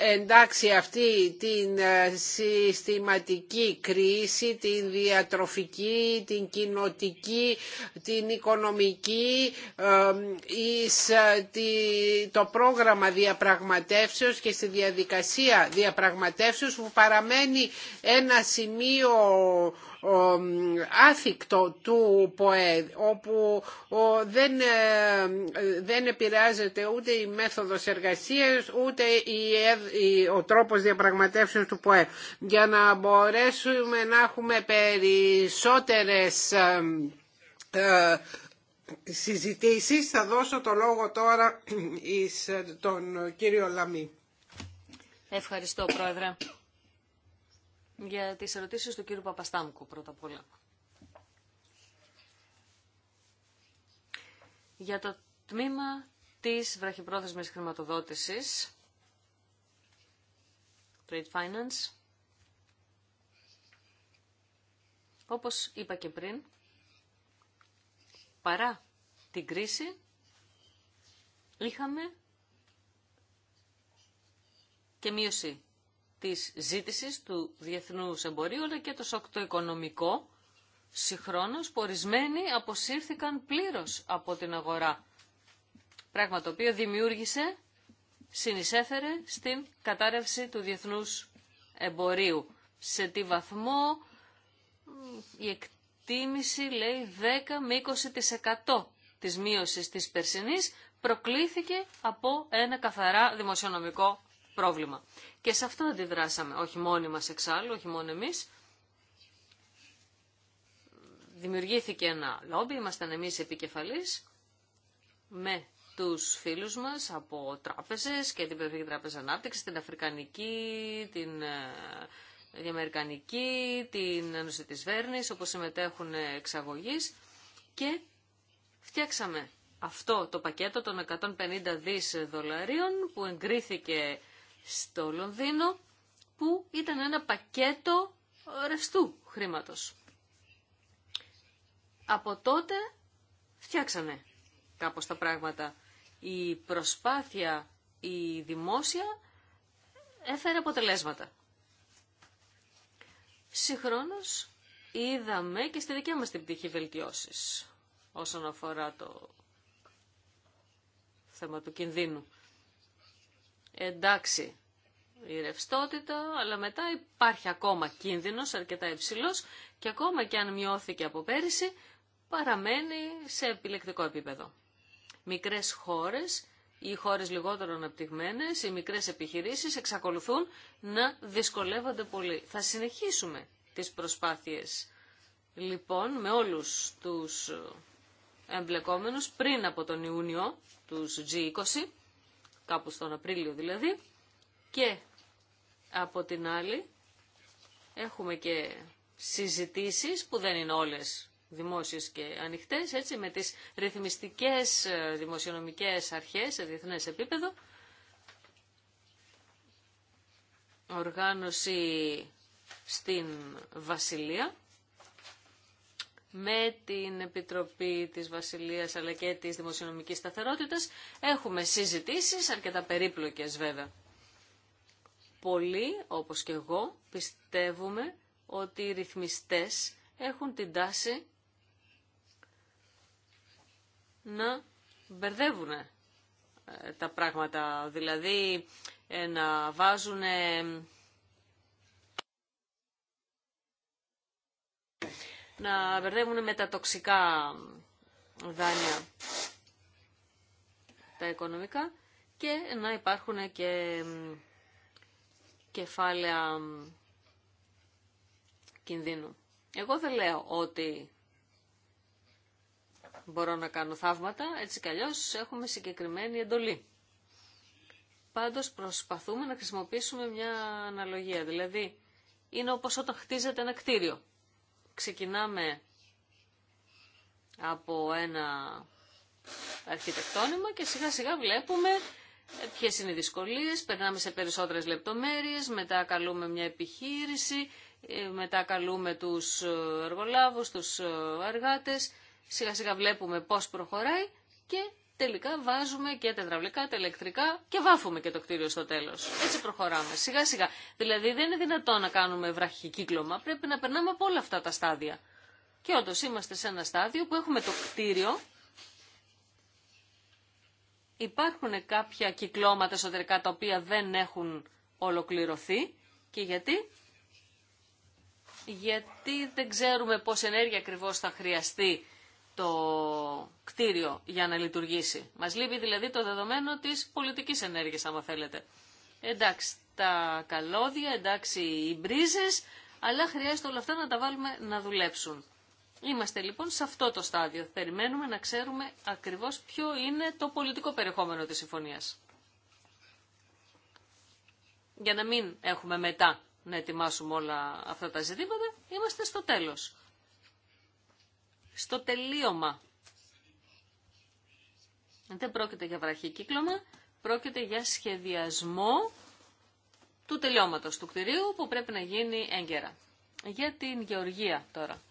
ε, εντάξει αυτή την συστηματική κρίση, την διατροφική, την κοινοτική, την οικονομική, το πρόγραμμα διαπραγματεύσεως και στη διαδικασία διαπραγματεύσεως που παραμένει ένα σημείο άθικτο του ΠΟΕ όπου δεν, ε, δεν επηρεάζεται ούτε η μέθοδος εργασίας ούτε η, ο τρόπος διαπραγματεύσεως του ΠΟΕ για να μπορέσουμε να έχουμε περισσότερες ε, ε, συζητήσεις θα δώσω το λόγο τώρα εις τον κύριο Λαμή. Ευχαριστώ, Πρόεδρε, για τις ερωτήσεις του κύριου Παπαστάμκου, πρώτα απ' όλα. Για το τμήμα της βραχυπρόθεσμης χρηματοδότησης, Trade Finance, όπως είπα και πριν, παρά την κρίση, είχαμε και μείωση της ζήτησης του διεθνούς εμπορίου αλλά και το σοκ το οικονομικό συγχρόνως που ορισμένοι αποσύρθηκαν πλήρως από την αγορά. Πράγμα το οποίο δημιούργησε, συνεισέφερε στην κατάρρευση του διεθνούς εμπορίου. Σε τι βαθμό η εκτίμηση λέει 10 με 20% της μείωσης της περσινής προκλήθηκε από ένα καθαρά δημοσιονομικό πρόβλημα. Και σε αυτό αντιδράσαμε, όχι μόνοι μας εξάλλου, όχι μόνο εμείς. Δημιουργήθηκε ένα λόμπι, ήμασταν εμείς επικεφαλής, με τους φίλους μας από τράπεζες και την Περιφερειακή Τράπεζα Ανάπτυξη, την Αφρικανική, την ε, Αμερικανική, την Ένωση της Βέρνης, όπως συμμετέχουν εξαγωγείς και φτιάξαμε αυτό το πακέτο των 150 δις δολαρίων που εγκρίθηκε στο Λονδίνο που ήταν ένα πακέτο ρευστού χρήματος. Από τότε φτιάξανε κάπως τα πράγματα. Η προσπάθεια, η δημόσια έφερε αποτελέσματα. Συγχρόνως είδαμε και στη δικιά μας την πτυχή βελτιώσεις όσον αφορά το θέμα του κινδύνου εντάξει η ρευστότητα, αλλά μετά υπάρχει ακόμα κίνδυνος αρκετά υψηλός και ακόμα και αν μειώθηκε από πέρυσι, παραμένει σε επιλεκτικό επίπεδο. Μικρές χώρες ή χώρες λιγότερο αναπτυγμένες, οι μικρές επιχειρήσεις εξακολουθούν να δυσκολεύονται πολύ. Θα συνεχίσουμε τις προσπάθειες λοιπόν με όλους τους εμπλεκόμενους πριν από τον Ιούνιο τους G20 κάπου στον Απρίλιο δηλαδή, και από την άλλη έχουμε και συζητήσεις που δεν είναι όλες δημόσιες και ανοιχτές, έτσι, με τις ρυθμιστικές ε, δημοσιονομικές αρχές σε διεθνές επίπεδο, οργάνωση στην Βασιλεία με την Επιτροπή της Βασιλείας αλλά και της Δημοσιονομικής Σταθερότητας έχουμε συζητήσεις, αρκετά περίπλοκες βέβαια. Πολλοί, όπως και εγώ, πιστεύουμε ότι οι ρυθμιστές έχουν την τάση να μπερδεύουν ε, τα πράγματα, δηλαδή ε, να βάζουν να μπερδεύουν με τα τοξικά δάνεια τα οικονομικά και να υπάρχουν και κεφάλαια κινδύνου. Εγώ δεν λέω ότι μπορώ να κάνω θαύματα, έτσι κι αλλιώς έχουμε συγκεκριμένη εντολή. Πάντως προσπαθούμε να χρησιμοποιήσουμε μια αναλογία, δηλαδή είναι όπως όταν χτίζεται ένα κτίριο ξεκινάμε από ένα αρχιτεκτόνημα και σιγά σιγά βλέπουμε ποιες είναι οι δυσκολίες, περνάμε σε περισσότερες λεπτομέρειες, μετά καλούμε μια επιχείρηση, ε, μετά καλούμε τους ε, εργολάβους, τους ε, εργάτες, σιγά σιγά βλέπουμε πώς προχωράει και τελικά βάζουμε και τετραυλικά, τα ηλεκτρικά και βάφουμε και το κτίριο στο τέλος. Έτσι προχωράμε, σιγά σιγά. Δηλαδή δεν είναι δυνατόν να κάνουμε βραχικύκλωμα, πρέπει να περνάμε από όλα αυτά τα στάδια. Και όντω είμαστε σε ένα στάδιο που έχουμε το κτίριο, υπάρχουν κάποια κυκλώματα εσωτερικά τα οποία δεν έχουν ολοκληρωθεί. Και γιατί? Γιατί δεν ξέρουμε πόση ενέργεια ακριβώς θα χρειαστεί το κτίριο για να λειτουργήσει. Μας λείπει δηλαδή το δεδομένο της πολιτικής ενέργειας, άμα θέλετε. Εντάξει, τα καλώδια, εντάξει, οι μπρίζες, αλλά χρειάζεται όλα αυτά να τα βάλουμε να δουλέψουν. Είμαστε λοιπόν σε αυτό το στάδιο. Περιμένουμε να ξέρουμε ακριβώς ποιο είναι το πολιτικό περιεχόμενο της συμφωνίας. Για να μην έχουμε μετά να ετοιμάσουμε όλα αυτά τα ζητήματα, είμαστε στο τέλος στο τελείωμα. Δεν πρόκειται για βραχή κύκλωμα, πρόκειται για σχεδιασμό του τελειώματος του κτηρίου που πρέπει να γίνει έγκαιρα. Για την γεωργία τώρα.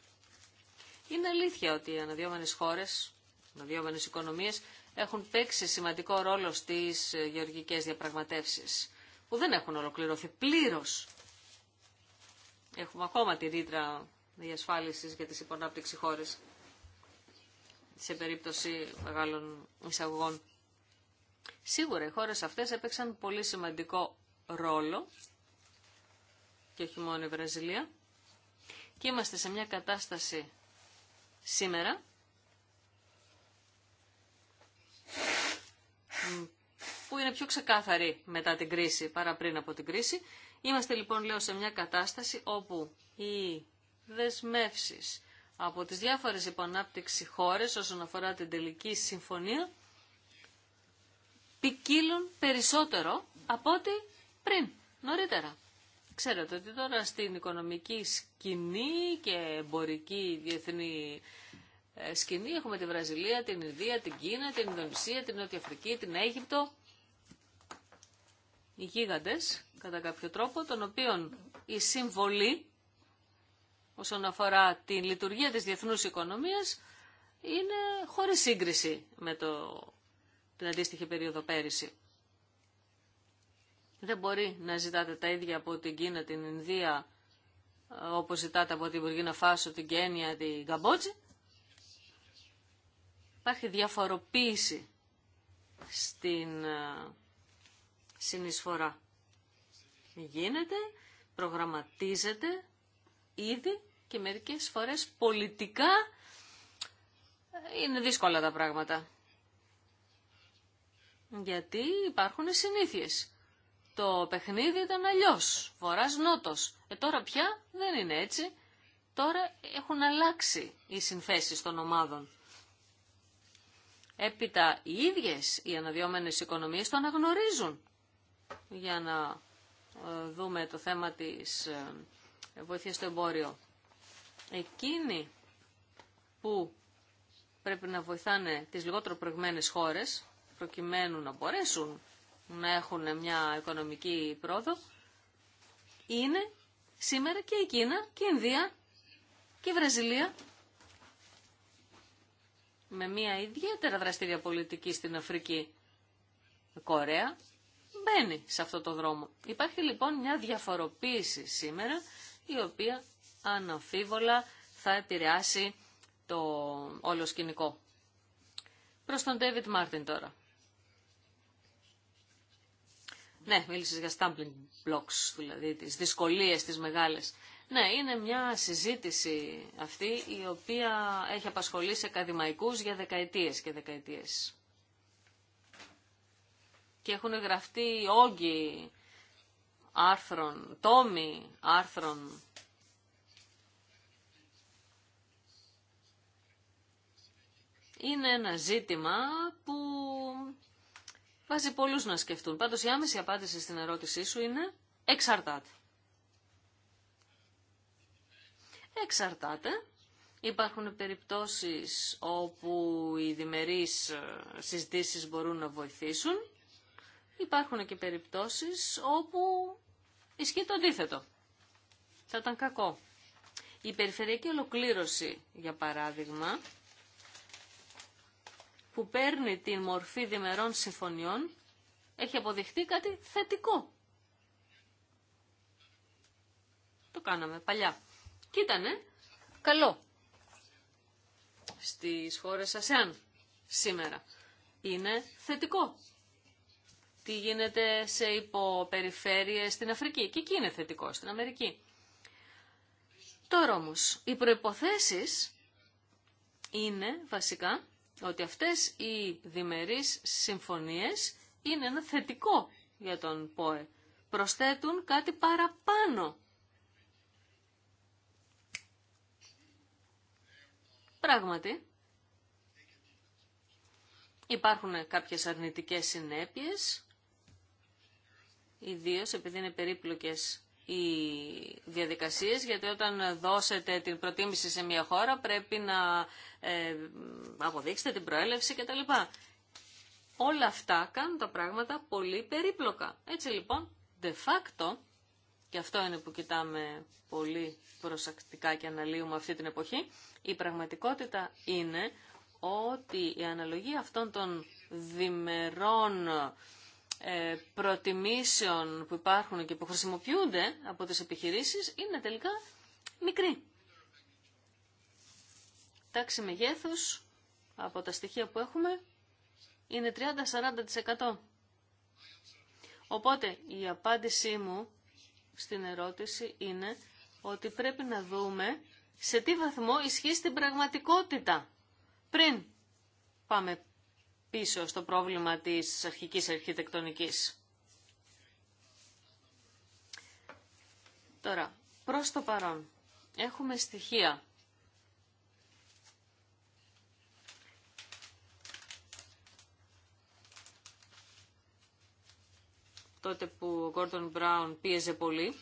Είναι αλήθεια ότι οι αναδυόμενες χώρες, αναδυόμενες οικονομίες έχουν παίξει σημαντικό ρόλο στις γεωργικές διαπραγματεύσεις που δεν έχουν ολοκληρωθεί πλήρως. Έχουμε ακόμα τη ρήτρα διασφάλισης για τις υπονάπτυξη χώρες σε περίπτωση μεγάλων εισαγωγών. Σίγουρα οι χώρες αυτές έπαιξαν πολύ σημαντικό ρόλο και όχι μόνο η Βραζιλία και είμαστε σε μια κατάσταση σήμερα που είναι πιο ξεκάθαρη μετά την κρίση παρά πριν από την κρίση. Είμαστε λοιπόν λέω σε μια κατάσταση όπου οι δεσμεύσεις από τις διάφορες υποανάπτυξη λοιπόν, χώρες όσον αφορά την τελική συμφωνία ποικίλουν περισσότερο από ό,τι πριν, νωρίτερα. Ξέρετε ότι τώρα στην οικονομική σκηνή και εμπορική διεθνή ε, σκηνή έχουμε τη Βραζιλία, την Ινδία, την Κίνα, την Ινδονησία, την Νότια Αφρική, την Αίγυπτο. Οι γίγαντες, κατά κάποιο τρόπο, των οποίων η συμβολή όσον αφορά την λειτουργία της διεθνούς οικονομίας είναι χωρίς σύγκριση με το, την αντίστοιχη περίοδο πέρυσι. Δεν μπορεί να ζητάτε τα ίδια από την Κίνα, την Ινδία, όπως ζητάτε από την Βουργίνα Φάσο, την Κένια, την Καμπότζη. Υπάρχει διαφοροποίηση στην ε, συνεισφορά. Γίνεται, προγραμματίζεται ήδη και μερικές φορές πολιτικά είναι δύσκολα τα πράγματα. Γιατί υπάρχουν συνήθειες. Το παιχνίδι ήταν φοράς βορράς-νότος. Ε, τώρα πια δεν είναι έτσι. Τώρα έχουν αλλάξει οι συνθέσεις των ομάδων. Έπειτα οι ίδιες οι αναδυόμενες οικονομίες το αναγνωρίζουν. Για να ε, δούμε το θέμα της ε, βοήθεια στο εμπόριο. Εκείνοι που πρέπει να βοηθάνε τις λιγότερο προηγμένες χώρες, προκειμένου να μπορέσουν να έχουν μια οικονομική πρόοδο, είναι σήμερα και η Κίνα και η Ινδία και η Βραζιλία με μια ιδιαίτερα δραστήρια πολιτική στην Αφρική. Η Κορέα μπαίνει σε αυτό το δρόμο. Υπάρχει λοιπόν μια διαφοροποίηση σήμερα η οποία αναμφίβολα θα επηρεάσει το όλο σκηνικό. Προς τον David Μάρτιν τώρα. Ναι, μίλησες για stumbling blocks, δηλαδή τις δυσκολίες, τις μεγάλες. Ναι, είναι μια συζήτηση αυτή η οποία έχει απασχολήσει ακαδημαϊκούς για δεκαετίες και δεκαετίες. Και έχουν γραφτεί όγκοι άρθρων, τόμοι άρθρων είναι ένα ζήτημα που βάζει πολλούς να σκεφτούν. Πάντως η άμεση απάντηση στην ερώτησή σου είναι εξαρτάται. Εξαρτάται. Υπάρχουν περιπτώσεις όπου οι διμερείς ε, συζητήσεις μπορούν να βοηθήσουν. Υπάρχουν και περιπτώσεις όπου Ισχύει το αντίθετο. Θα ήταν κακό. Η περιφερειακή ολοκλήρωση, για παράδειγμα, που παίρνει την μορφή δημερών συμφωνιών, έχει αποδειχτεί κάτι θετικό. Το κάναμε παλιά. Και καλό στις χώρες ΑΣΕΑΝ σήμερα. Είναι θετικό τι γίνεται σε υποπεριφέρειες στην Αφρική. Και εκεί είναι θετικό, στην Αμερική. Τώρα όμω, οι προϋποθέσεις είναι βασικά ότι αυτές οι διμερείς συμφωνίες είναι ένα θετικό για τον ΠΟΕ. Προσθέτουν κάτι παραπάνω. Πράγματι, υπάρχουν κάποιες αρνητικές συνέπειες Ιδίω επειδή είναι περίπλοκες οι διαδικασίες, γιατί όταν δώσετε την προτίμηση σε μια χώρα πρέπει να ε, αποδείξετε την προέλευση κτλ. Όλα αυτά κάνουν τα πράγματα πολύ περίπλοκα. Έτσι λοιπόν, de facto, και αυτό είναι που κοιτάμε πολύ προσακτικά και αναλύουμε αυτή την εποχή, η πραγματικότητα είναι ότι η αναλογία αυτών των διμερών ε, προτιμήσεων που υπάρχουν και που χρησιμοποιούνται από τις επιχειρήσεις είναι τελικά μικρή. Τάξη μεγέθους από τα στοιχεία που έχουμε είναι 30-40%. Οπότε η απάντησή μου στην ερώτηση είναι ότι πρέπει να δούμε σε τι βαθμό ισχύει στην πραγματικότητα πριν πάμε πίσω στο πρόβλημα της αρχικής αρχιτεκτονικής. Τώρα, προς το παρόν, έχουμε στοιχεία τότε που ο Gordon Brown πίεζε πολύ.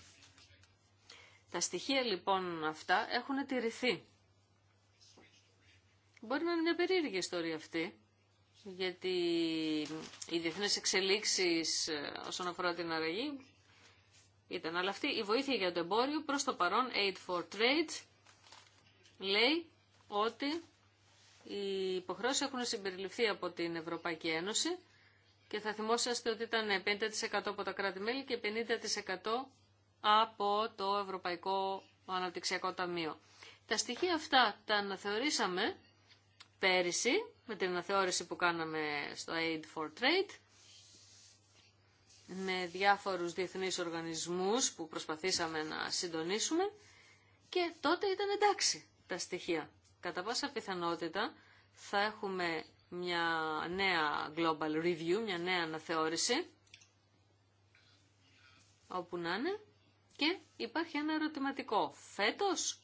Τα στοιχεία λοιπόν αυτά έχουν τηρηθεί. Μπορεί να είναι μια περίεργη ιστορία αυτή, γιατί οι διεθνέ εξελίξει ε, όσον αφορά την αλλαγή. ήταν. Αλλά αυτή η βοήθεια για το εμπόριο προς το παρόν, Aid for Trade, λέει ότι οι υποχρεώσει έχουν συμπεριληφθεί από την Ευρωπαϊκή Ένωση και θα θυμόσαστε ότι ήταν 50% από τα κράτη-μέλη και 50% από το Ευρωπαϊκό Αναπτυξιακό Ταμείο. Τα στοιχεία αυτά τα αναθεωρήσαμε πέρυσι με την αναθεώρηση που κάναμε στο Aid for Trade, με διάφορους διεθνείς οργανισμούς που προσπαθήσαμε να συντονίσουμε και τότε ήταν εντάξει τα στοιχεία. Κατά πάσα πιθανότητα θα έχουμε μια νέα global review, μια νέα αναθεώρηση, όπου να είναι, και υπάρχει ένα ερωτηματικό. Φέτος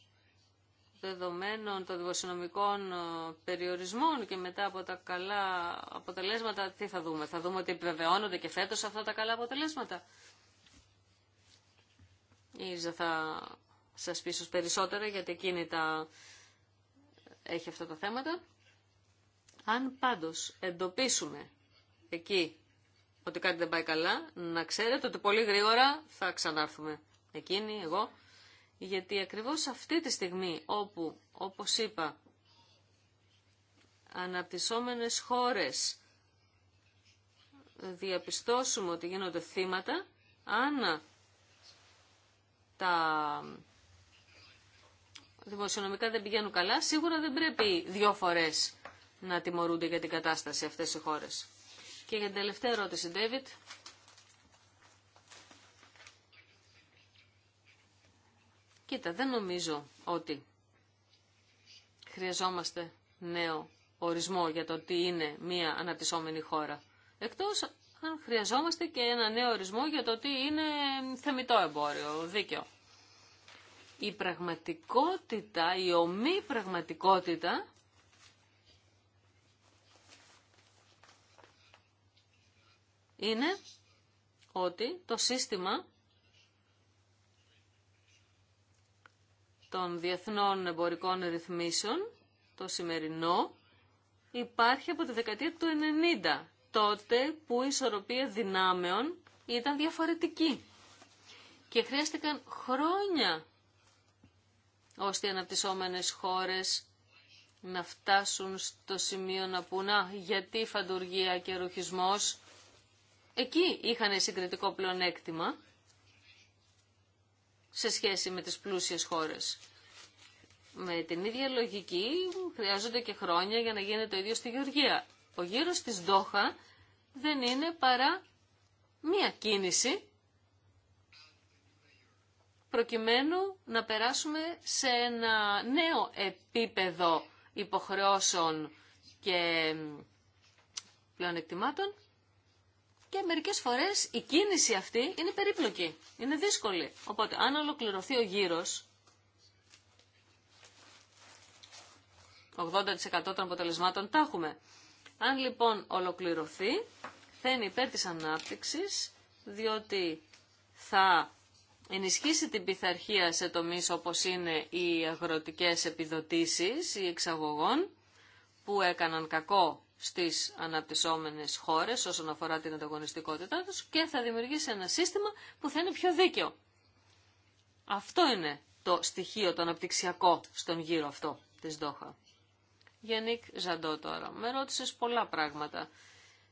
δεδομένων των δημοσιονομικών ε, περιορισμών και μετά από τα καλά αποτελέσματα, τι θα δούμε. Θα δούμε ότι επιβεβαιώνονται και φέτος αυτά τα καλά αποτελέσματα. Η θα σας πείσω περισσότερα γιατί εκείνη τα έχει αυτά τα θέματα. Αν πάντως εντοπίσουμε εκεί ότι κάτι δεν πάει καλά, να ξέρετε ότι πολύ γρήγορα θα ξανάρθουμε. Εκείνη, εγώ γιατί ακριβώς αυτή τη στιγμή όπου, όπως είπα, αναπτυσσόμενες χώρες διαπιστώσουμε ότι γίνονται θύματα, αν τα δημοσιονομικά δεν πηγαίνουν καλά, σίγουρα δεν πρέπει δύο φορές να τιμωρούνται για την κατάσταση αυτές οι χώρες. Και για την τελευταία ερώτηση, David. Κοίτα, δεν νομίζω ότι χρειαζόμαστε νέο ορισμό για το τι είναι μία αναπτυσσόμενη χώρα. Εκτός αν χρειαζόμαστε και ένα νέο ορισμό για το τι είναι θεμητό εμπόριο, δίκαιο. Η πραγματικότητα, η ομή πραγματικότητα είναι ότι το σύστημα των διεθνών εμπορικών ρυθμίσεων, το σημερινό, υπάρχει από τη δεκαετία του 90, τότε που η ισορροπία δυνάμεων ήταν διαφορετική. Και χρειάστηκαν χρόνια ώστε οι αναπτυσσόμενες χώρες να φτάσουν στο σημείο να πούνα γιατί φαντουργία και ρουχισμός» Εκεί είχαν συγκριτικό πλεονέκτημα σε σχέση με τις πλούσιες χώρες. Με την ίδια λογική χρειάζονται και χρόνια για να γίνεται το ίδιο στη Γεωργία. Ο γύρος της Δόχα δεν είναι παρά μία κίνηση προκειμένου να περάσουμε σε ένα νέο επίπεδο υποχρεώσεων και πλεονεκτημάτων και μερικές φορές η κίνηση αυτή είναι περίπλοκη, είναι δύσκολη. Οπότε αν ολοκληρωθεί ο γύρος, 80% των αποτελεσμάτων τα έχουμε. Αν λοιπόν ολοκληρωθεί, θα είναι υπέρ της ανάπτυξης, διότι θα ενισχύσει την πειθαρχία σε τομείς όπως είναι οι αγροτικές επιδοτήσεις, οι εξαγωγών, που έκαναν κακό στις αναπτυσσόμενες χώρες όσον αφορά την ανταγωνιστικότητά τους και θα δημιουργήσει ένα σύστημα που θα είναι πιο δίκαιο. Αυτό είναι το στοιχείο το αναπτυξιακό στον γύρο αυτό της Δόχα. Γενικ Ζαντό τώρα. Με ρώτησε πολλά πράγματα.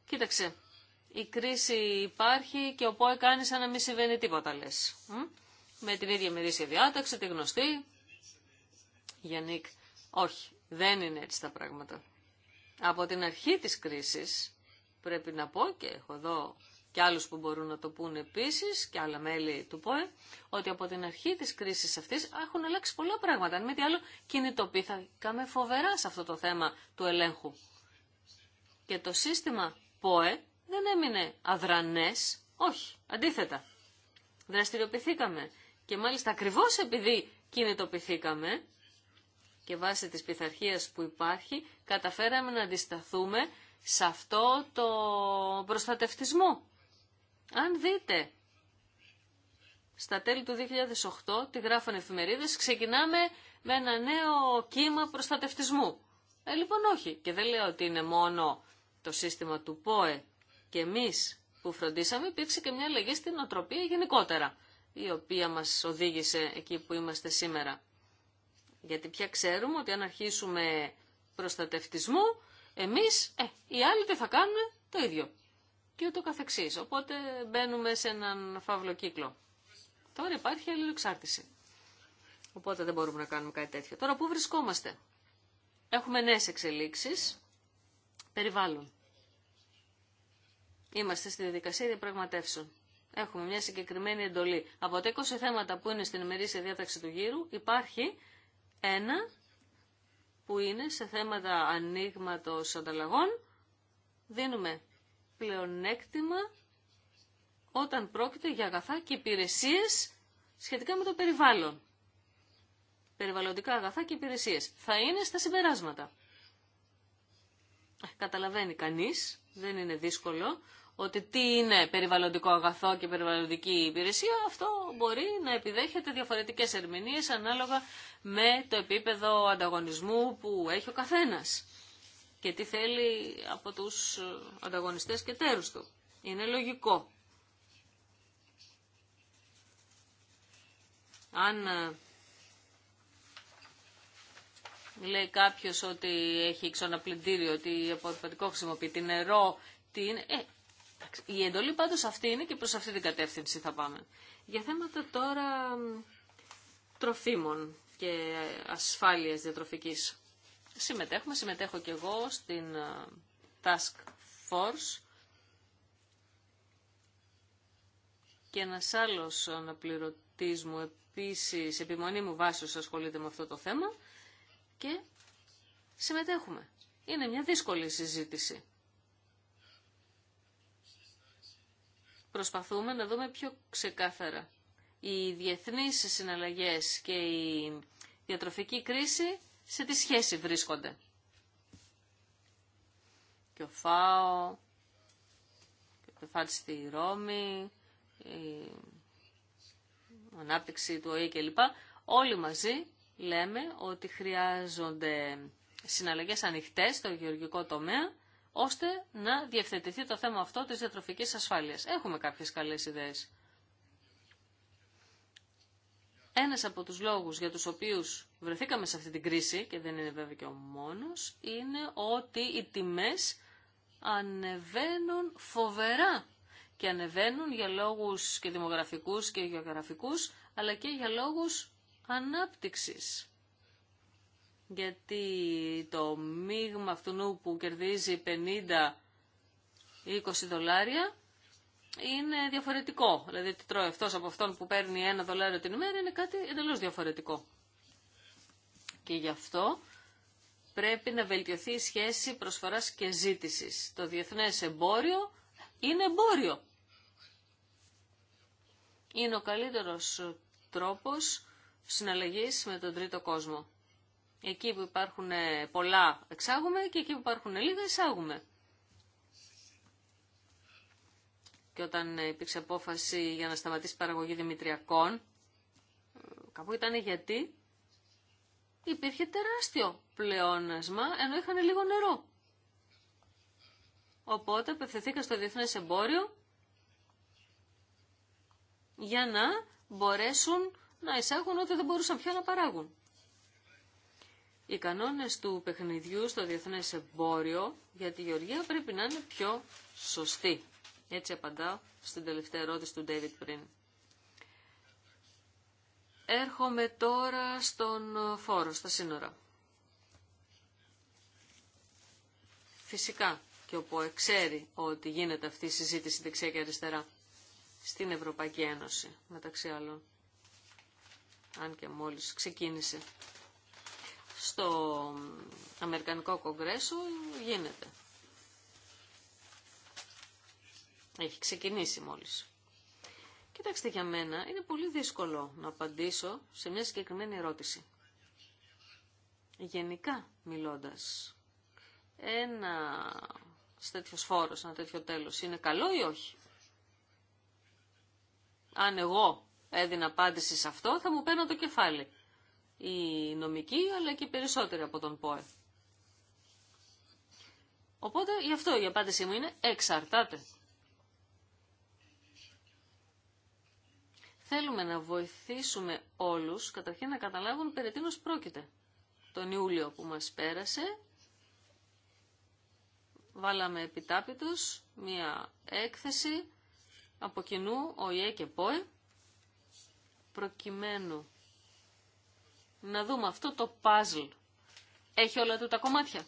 Κοίταξε, η κρίση υπάρχει και ο ΠΟΕ κάνει σαν να μην συμβαίνει τίποτα λε. Με την ίδια μερίσια διάταξη, τη γνωστή. Γιάννικ, όχι, δεν είναι έτσι τα πράγματα. Από την αρχή της κρίσης, πρέπει να πω και έχω εδώ και άλλους που μπορούν να το πούν επίσης και άλλα μέλη του ΠΟΕ, ότι από την αρχή της κρίσης αυτής έχουν αλλάξει πολλά πράγματα. Αν μην τι άλλο κινητοποιήθηκαμε φοβερά σε αυτό το θέμα του ελέγχου. Και το σύστημα ΠΟΕ δεν έμεινε αδρανές, όχι, αντίθετα. Δραστηριοποιηθήκαμε και μάλιστα ακριβώς επειδή κινητοποιηθήκαμε, και βάσει της πειθαρχία που υπάρχει καταφέραμε να αντισταθούμε σε αυτό το προστατευτισμό. Αν δείτε στα τέλη του 2008 τι γράφανε εφημερίδες, ξεκινάμε με ένα νέο κύμα προστατευτισμού. Ε, λοιπόν όχι. Και δεν λέω ότι είναι μόνο το σύστημα του ΠΟΕ και εμείς που φροντίσαμε, υπήρξε και μια αλλαγή στην οτροπία γενικότερα, η οποία μας οδήγησε εκεί που είμαστε σήμερα. Γιατί πια ξέρουμε ότι αν αρχίσουμε προστατευτισμό, εμείς, ε, οι άλλοι τι θα κάνουν, το ίδιο. Και ούτω καθεξής. Οπότε μπαίνουμε σε έναν φαύλο κύκλο. Τώρα υπάρχει αλληλοεξάρτηση. Οπότε δεν μπορούμε να κάνουμε κάτι τέτοιο. Τώρα πού βρισκόμαστε. Έχουμε νέες εξελίξεις. Περιβάλλον. Είμαστε στη διαδικασία διαπραγματεύσεων. Έχουμε μια συγκεκριμένη εντολή. Από τα 20 θέματα που είναι στην ημερήσια διάταξη του γύρου υπάρχει ένα που είναι σε θέματα ανοίγματο ανταλλαγών δίνουμε πλεονέκτημα όταν πρόκειται για αγαθά και υπηρεσίες σχετικά με το περιβάλλον. Περιβαλλοντικά αγαθά και υπηρεσίες. Θα είναι στα συμπεράσματα. Καταλαβαίνει κανείς, δεν είναι δύσκολο, ότι τι είναι περιβαλλοντικό αγαθό και περιβαλλοντική υπηρεσία, αυτό μπορεί να επιδέχεται διαφορετικές ερμηνείες ανάλογα με το επίπεδο ανταγωνισμού που έχει ο καθένας και τι θέλει από τους ε, ανταγωνιστές και τέρους του. Είναι λογικό. Αν ε, λέει κάποιος ότι έχει ξαναπλυντήριο, ότι από χρησιμοποιεί νερό, τι είναι, ε, η εντολή πάντως αυτή είναι και προς αυτή την κατεύθυνση θα πάμε. Για θέματα τώρα τροφίμων και ασφάλειας διατροφικής. Συμμετέχουμε, συμμετέχω και εγώ στην ε, Task Force και ένα άλλο αναπληρωτή μου επίσης, επιμονή μου βάσεω ασχολείται με αυτό το θέμα και συμμετέχουμε. Είναι μια δύσκολη συζήτηση. προσπαθούμε να δούμε πιο ξεκάθαρα. Οι διεθνείς συναλλαγές και η διατροφική κρίση σε τι σχέση βρίσκονται. Και ο ΦΑΟ, και το στη Ρώμη, η ανάπτυξη του ΟΗΕ κλπ. Όλοι μαζί λέμε ότι χρειάζονται συναλλαγές ανοιχτές στο γεωργικό τομέα ώστε να διευθετηθεί το θέμα αυτό της διατροφικής ασφάλειας. Έχουμε κάποιες καλές ιδέες. Ένας από τους λόγους για τους οποίους βρεθήκαμε σε αυτή την κρίση, και δεν είναι βέβαια και ο μόνος, είναι ότι οι τιμές ανεβαίνουν φοβερά και ανεβαίνουν για λόγους και δημογραφικούς και γεωγραφικούς, αλλά και για λόγους ανάπτυξης γιατί το μείγμα αυτού που κερδίζει 50-20 δολάρια είναι διαφορετικό. Δηλαδή τι τρώει αυτός από αυτόν που παίρνει ένα δολάριο την ημέρα είναι κάτι εντελώς διαφορετικό. Και γι' αυτό πρέπει να βελτιωθεί η σχέση προσφοράς και ζήτησης. Το διεθνές εμπόριο είναι εμπόριο. Είναι ο καλύτερος τρόπος συναλλαγής με τον τρίτο κόσμο. Εκεί που υπάρχουν ε, πολλά εξάγουμε και εκεί που υπάρχουν λίγα εισάγουμε. Και όταν υπήρξε απόφαση για να σταματήσει η παραγωγή δημητριακών, ε, κάπου ήταν γιατί υπήρχε τεράστιο πλεόνασμα ενώ είχαν λίγο νερό. Οπότε απευθυνθήκα στο διεθνές εμπόριο για να μπορέσουν να εισάγουν ό,τι δεν μπορούσαν πια να παράγουν οι κανόνες του παιχνιδιού στο διεθνές εμπόριο για τη Γεωργία πρέπει να είναι πιο σωστοί. Έτσι απαντάω στην τελευταία ερώτηση του David πριν. Έρχομαι τώρα στον φόρο, στα σύνορα. Φυσικά και ο ΠΟΕ ξέρει ότι γίνεται αυτή η συζήτηση δεξιά και αριστερά στην Ευρωπαϊκή Ένωση, μεταξύ άλλων, αν και μόλις ξεκίνησε. Το Αμερικανικό Κογκρέσο γίνεται. Έχει ξεκινήσει μόλις. Κοιτάξτε για μένα, είναι πολύ δύσκολο να απαντήσω σε μια συγκεκριμένη ερώτηση. Γενικά μιλώντας, ένα τέτοιο φόρος, ένα τέτοιο τέλος, είναι καλό ή όχι. Αν εγώ έδινα απάντηση σε αυτό, θα μου παίρνω το κεφάλι οι νομικοί, αλλά και οι περισσότεροι από τον ΠΟΕ. Οπότε γι' αυτό η απάντησή μου είναι εξαρτάται. Θέλουμε να βοηθήσουμε όλους, καταρχήν να καταλάβουν περί τίνος πρόκειται. Τον Ιούλιο που μας πέρασε, βάλαμε επιτάπητος μία έκθεση από κοινού ΟΗΕ και ΠΟΕ, προκειμένου να δούμε αυτό το παζλ. Έχει όλα του τα κομμάτια.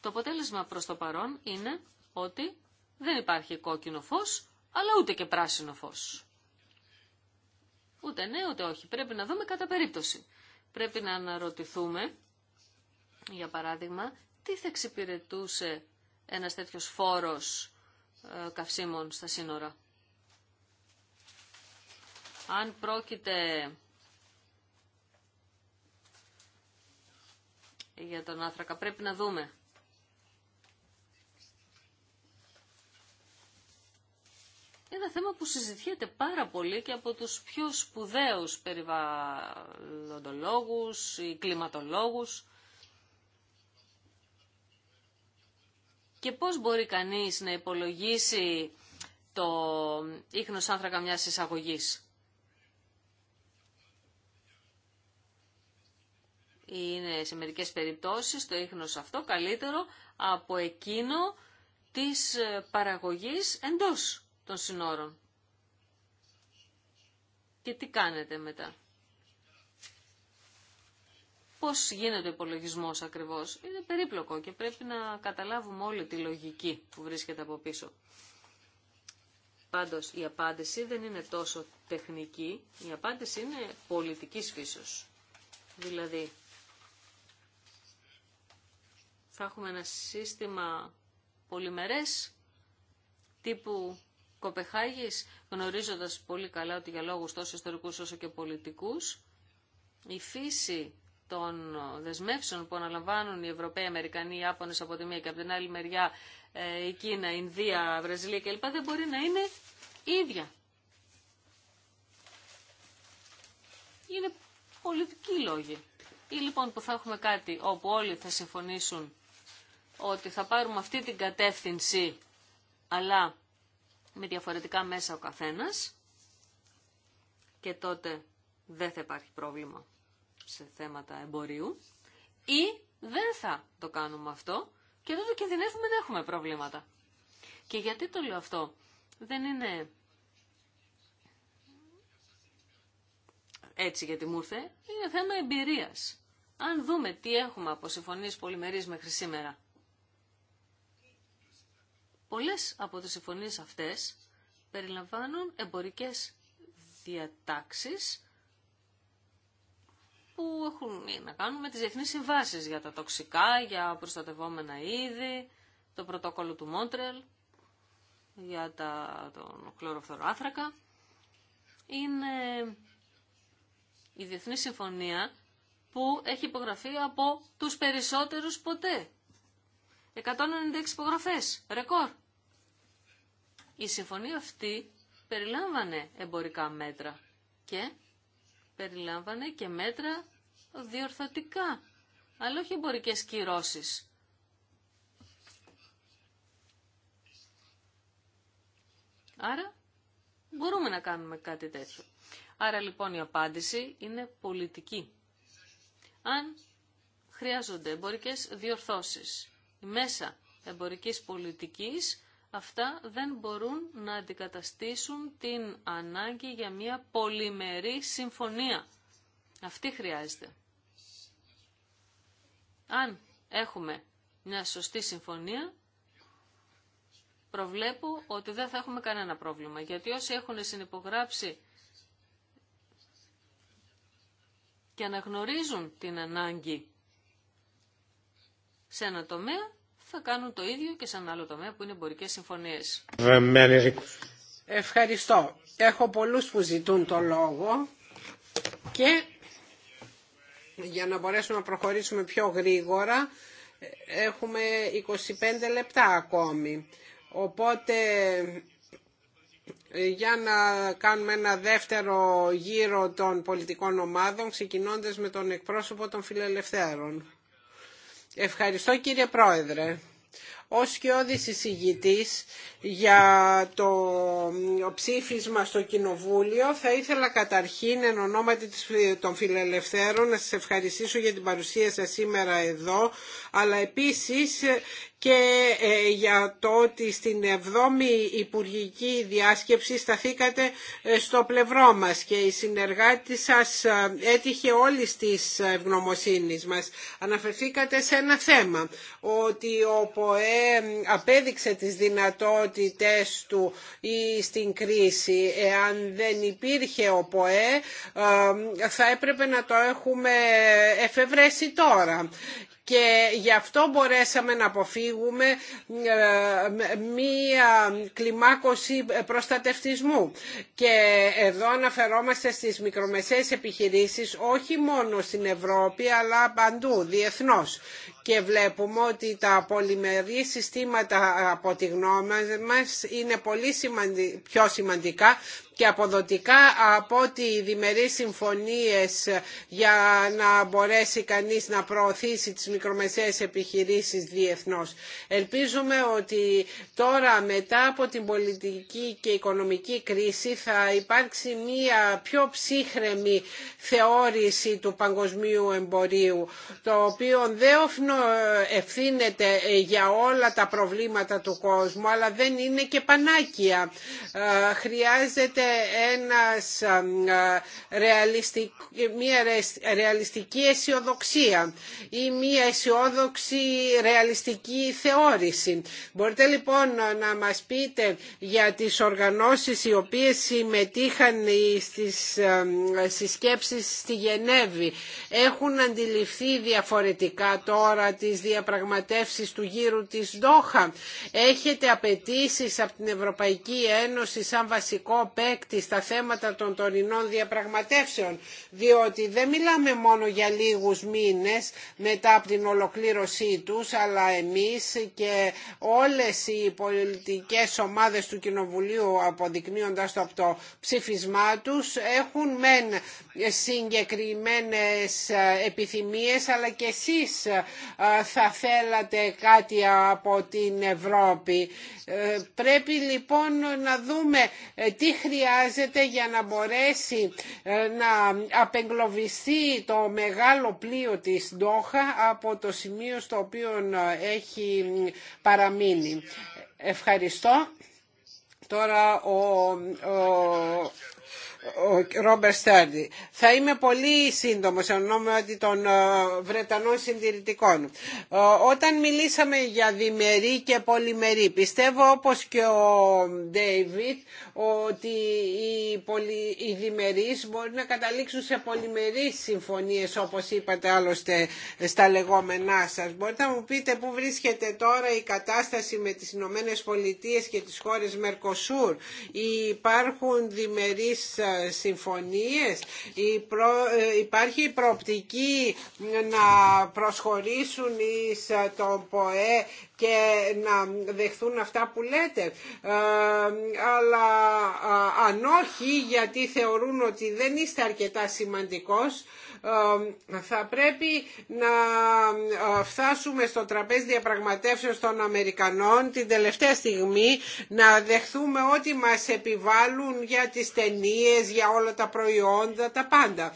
Το αποτέλεσμα προς το παρόν είναι ότι δεν υπάρχει κόκκινο φως, αλλά ούτε και πράσινο φως. Ούτε ναι, ούτε όχι. Πρέπει να δούμε κατά περίπτωση. Πρέπει να αναρωτηθούμε, για παράδειγμα, τι θα εξυπηρετούσε ένας τέτοιος φόρος ε, καυσίμων στα σύνορα. Αν πρόκειται για τον άνθρακα. Πρέπει να δούμε. Ένα θέμα που συζητιέται πάρα πολύ και από τους πιο σπουδαίους περιβαλλοντολόγους ή κλιματολόγους. Και πώς μπορεί κανείς να υπολογίσει το ίχνος άνθρακα μιας εισαγωγής. είναι σε μερικές περιπτώσεις το ίχνος αυτό καλύτερο από εκείνο της ε, παραγωγής εντός των συνόρων. Και τι κάνετε μετά. Πώς γίνεται ο υπολογισμός ακριβώς. Είναι περίπλοκο και πρέπει να καταλάβουμε όλη τη λογική που βρίσκεται από πίσω. Πάντως η απάντηση δεν είναι τόσο τεχνική, η απάντηση είναι πολιτικής φύσεως. Δηλαδή θα έχουμε ένα σύστημα πολυμερές τύπου Κοπεχάγης, γνωρίζοντας πολύ καλά ότι για λόγους τόσο ιστορικούς όσο και πολιτικούς, η φύση των δεσμεύσεων που αναλαμβάνουν οι Ευρωπαίοι, Αμερικανοί, οι Άπωνες από τη μία και από την άλλη μεριά ε, η Κίνα, η Ινδία, η Βραζιλία κλπ. δεν μπορεί να είναι ίδια. Είναι πολιτικοί λόγοι. Ή λοιπόν που θα έχουμε κάτι όπου όλοι θα συμφωνήσουν ότι θα πάρουμε αυτή την κατεύθυνση, αλλά με διαφορετικά μέσα ο καθένας και τότε δεν θα υπάρχει πρόβλημα σε θέματα εμπορίου ή δεν θα το κάνουμε αυτό και τότε κινδυνεύουμε να έχουμε προβλήματα. Και γιατί το λέω αυτό. Δεν είναι έτσι γιατί μου ήρθε. Είναι θέμα εμπειρίας. Αν δούμε τι έχουμε από συμφωνίες πολυμερείς μέχρι σήμερα Πολλές από τις συμφωνίες αυτές περιλαμβάνουν εμπορικές διατάξεις που έχουν να κάνουν με τις διεθνείς συμβάσεις για τα τοξικά, για προστατευόμενα είδη, το πρωτόκολλο του Μόντρελ, για τα, τον χλωροφθοροάθρακα. Είναι η Διεθνή Συμφωνία που έχει υπογραφεί από τους περισσότερους ποτέ. 196 υπογραφές, ρεκόρ. Η συμφωνία αυτή περιλάμβανε εμπορικά μέτρα και περιλάμβανε και μέτρα διορθωτικά, αλλά όχι εμπορικές κυρώσεις. Άρα μπορούμε να κάνουμε κάτι τέτοιο. Άρα λοιπόν η απάντηση είναι πολιτική. Αν χρειάζονται εμπορικές διορθώσεις μέσα εμπορικής πολιτικής, αυτά δεν μπορούν να αντικαταστήσουν την ανάγκη για μια πολυμερή συμφωνία. Αυτή χρειάζεται. Αν έχουμε μια σωστή συμφωνία, προβλέπω ότι δεν θα έχουμε κανένα πρόβλημα, γιατί όσοι έχουν συνυπογράψει και αναγνωρίζουν την ανάγκη σε ένα τομέα, θα κάνουν το ίδιο και σε ένα άλλο τομέα που είναι εμπορικέ συμφωνίε. Ευχαριστώ. Έχω πολλούς που ζητούν το λόγο και για να μπορέσουμε να προχωρήσουμε πιο γρήγορα έχουμε 25 λεπτά ακόμη. Οπότε για να κάνουμε ένα δεύτερο γύρο των πολιτικών ομάδων ξεκινώντας με τον εκπρόσωπο των φιλελευθέρων. Ευχαριστώ κύριε Πρόεδρε ως και εισηγητής για το ψήφισμα στο Κοινοβούλιο θα ήθελα καταρχήν εν ονόματι των φιλελευθέρων να σας ευχαριστήσω για την παρουσία σας σήμερα εδώ αλλά επίσης και ε, για το ότι στην 7η Υπουργική Διάσκεψη σταθήκατε ε, στο πλευρό μας και η συνεργάτη σας ε, έτυχε όλη της ευγνωμοσύνης μας. Αναφερθήκατε σε ένα θέμα, ότι ο ΠΟΕ απέδειξε τις δυνατότητες του ή στην κρίση. Εάν δεν υπήρχε ο ΠΟΕ θα έπρεπε να το έχουμε εφευρέσει τώρα και γι' αυτό μπορέσαμε να αποφύγουμε ε, μία κλιμάκωση ε, προστατευτισμού. Και εδώ αναφερόμαστε στις μικρομεσαίες επιχειρήσεις όχι μόνο στην Ευρώπη αλλά παντού διεθνώς και βλέπουμε ότι τα πολυμερή συστήματα από τη γνώμη μας είναι πολύ πιο σημαντικά και αποδοτικά από ότι οι διμερείς συμφωνίες για να μπορέσει κανείς να προωθήσει τις μικρομεσαίες επιχειρήσεις διεθνώς. Ελπίζουμε ότι τώρα μετά από την πολιτική και οικονομική κρίση θα υπάρξει μία πιο ψύχρεμη θεώρηση του παγκοσμίου εμπορίου, το οποίο δεν ε, ευθύνεται ε, για όλα τα προβλήματα του κόσμου αλλά δεν είναι και πανάκια. Ε, χρειάζεται ένας, μια ρεαλιστική αισιοδοξία ή μια αισιόδοξη ρεαλιστική θεώρηση. Μπορείτε λοιπόν να μας πείτε για τις οργανώσεις οι οποίες συμμετείχαν στις συσκέψεις στη Γενέβη έχουν αντιληφθεί διαφορετικά τώρα της τις διαπραγματεύσεις του γύρου της Ντόχα. Έχετε απαιτήσει από την Ευρωπαϊκή Ένωση σαν βασικό παίκτη στα θέματα των τωρινών διαπραγματεύσεων, διότι δεν μιλάμε μόνο για λίγους μήνες μετά από την ολοκλήρωσή τους, αλλά εμείς και όλες οι πολιτικές ομάδες του Κοινοβουλίου αποδεικνύοντας το από το ψήφισμά τους έχουν μεν συγκεκριμένες επιθυμίες αλλά και εσείς θα θέλατε κάτι από την Ευρώπη. Ε, πρέπει λοιπόν να δούμε ε, τι χρειάζεται για να μπορέσει ε, να απεγκλωβιστεί το μεγάλο πλοίο της Ντόχα από το σημείο στο οποίο έχει παραμείνει. Ευχαριστώ. Τώρα ο ο Ρόμπερ Στέρντι. Θα είμαι πολύ σύντομος σε ότι των ε, Βρετανών συντηρητικών. Ε, όταν μιλήσαμε για διμερή και πολυμερή, πιστεύω όπως και ο Ντέιβιτ ότι οι, πολυ... διμερείς μπορεί να καταλήξουν σε πολυμερείς συμφωνίες όπως είπατε άλλωστε στα λεγόμενά σας. Μπορείτε να μου πείτε πού βρίσκεται τώρα η κατάσταση με τις Ηνωμένε Πολιτείε και τις χώρες Μερκοσούρ. Υπάρχουν διμερείς ε, συμφωνίες, ε, υπάρχει η προοπτική να προσχωρήσουν εις ε, το ΠΟΕ και να δεχθούν αυτά που λέτε. Ε, αλλά αν όχι, γιατί θεωρούν ότι δεν είστε αρκετά σημαντικός, ε, θα πρέπει να ε, φτάσουμε στο τραπέζι διαπραγματεύσεων των Αμερικανών την τελευταία στιγμή να δεχθούμε ό,τι μας επιβάλλουν για τις ταινίε, για όλα τα προϊόντα, τα πάντα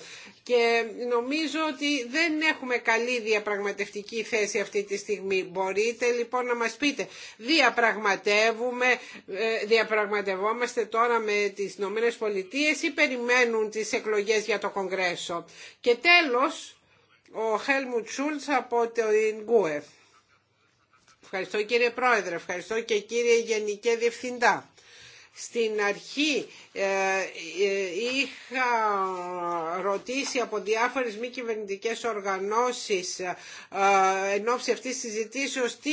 και νομίζω ότι δεν έχουμε καλή διαπραγματευτική θέση αυτή τη στιγμή. Μπορείτε λοιπόν να μας πείτε, διαπραγματεύουμε, ε, διαπραγματευόμαστε τώρα με τις Ηνωμένε Πολιτείε ή περιμένουν τις εκλογές για το Κογκρέσο. Και τέλος, ο Χέλμουτ Σούλτς από το Ινγκούεφ. Ευχαριστώ κύριε Πρόεδρε, ευχαριστώ και κύριε Γενικέ Διευθυντά. Στην αρχή ε, ε, είχα ρωτήσει από διάφορες μη κυβερνητικέ οργανώσεις ε, εν ώψη αυτής της συζητήσεως τι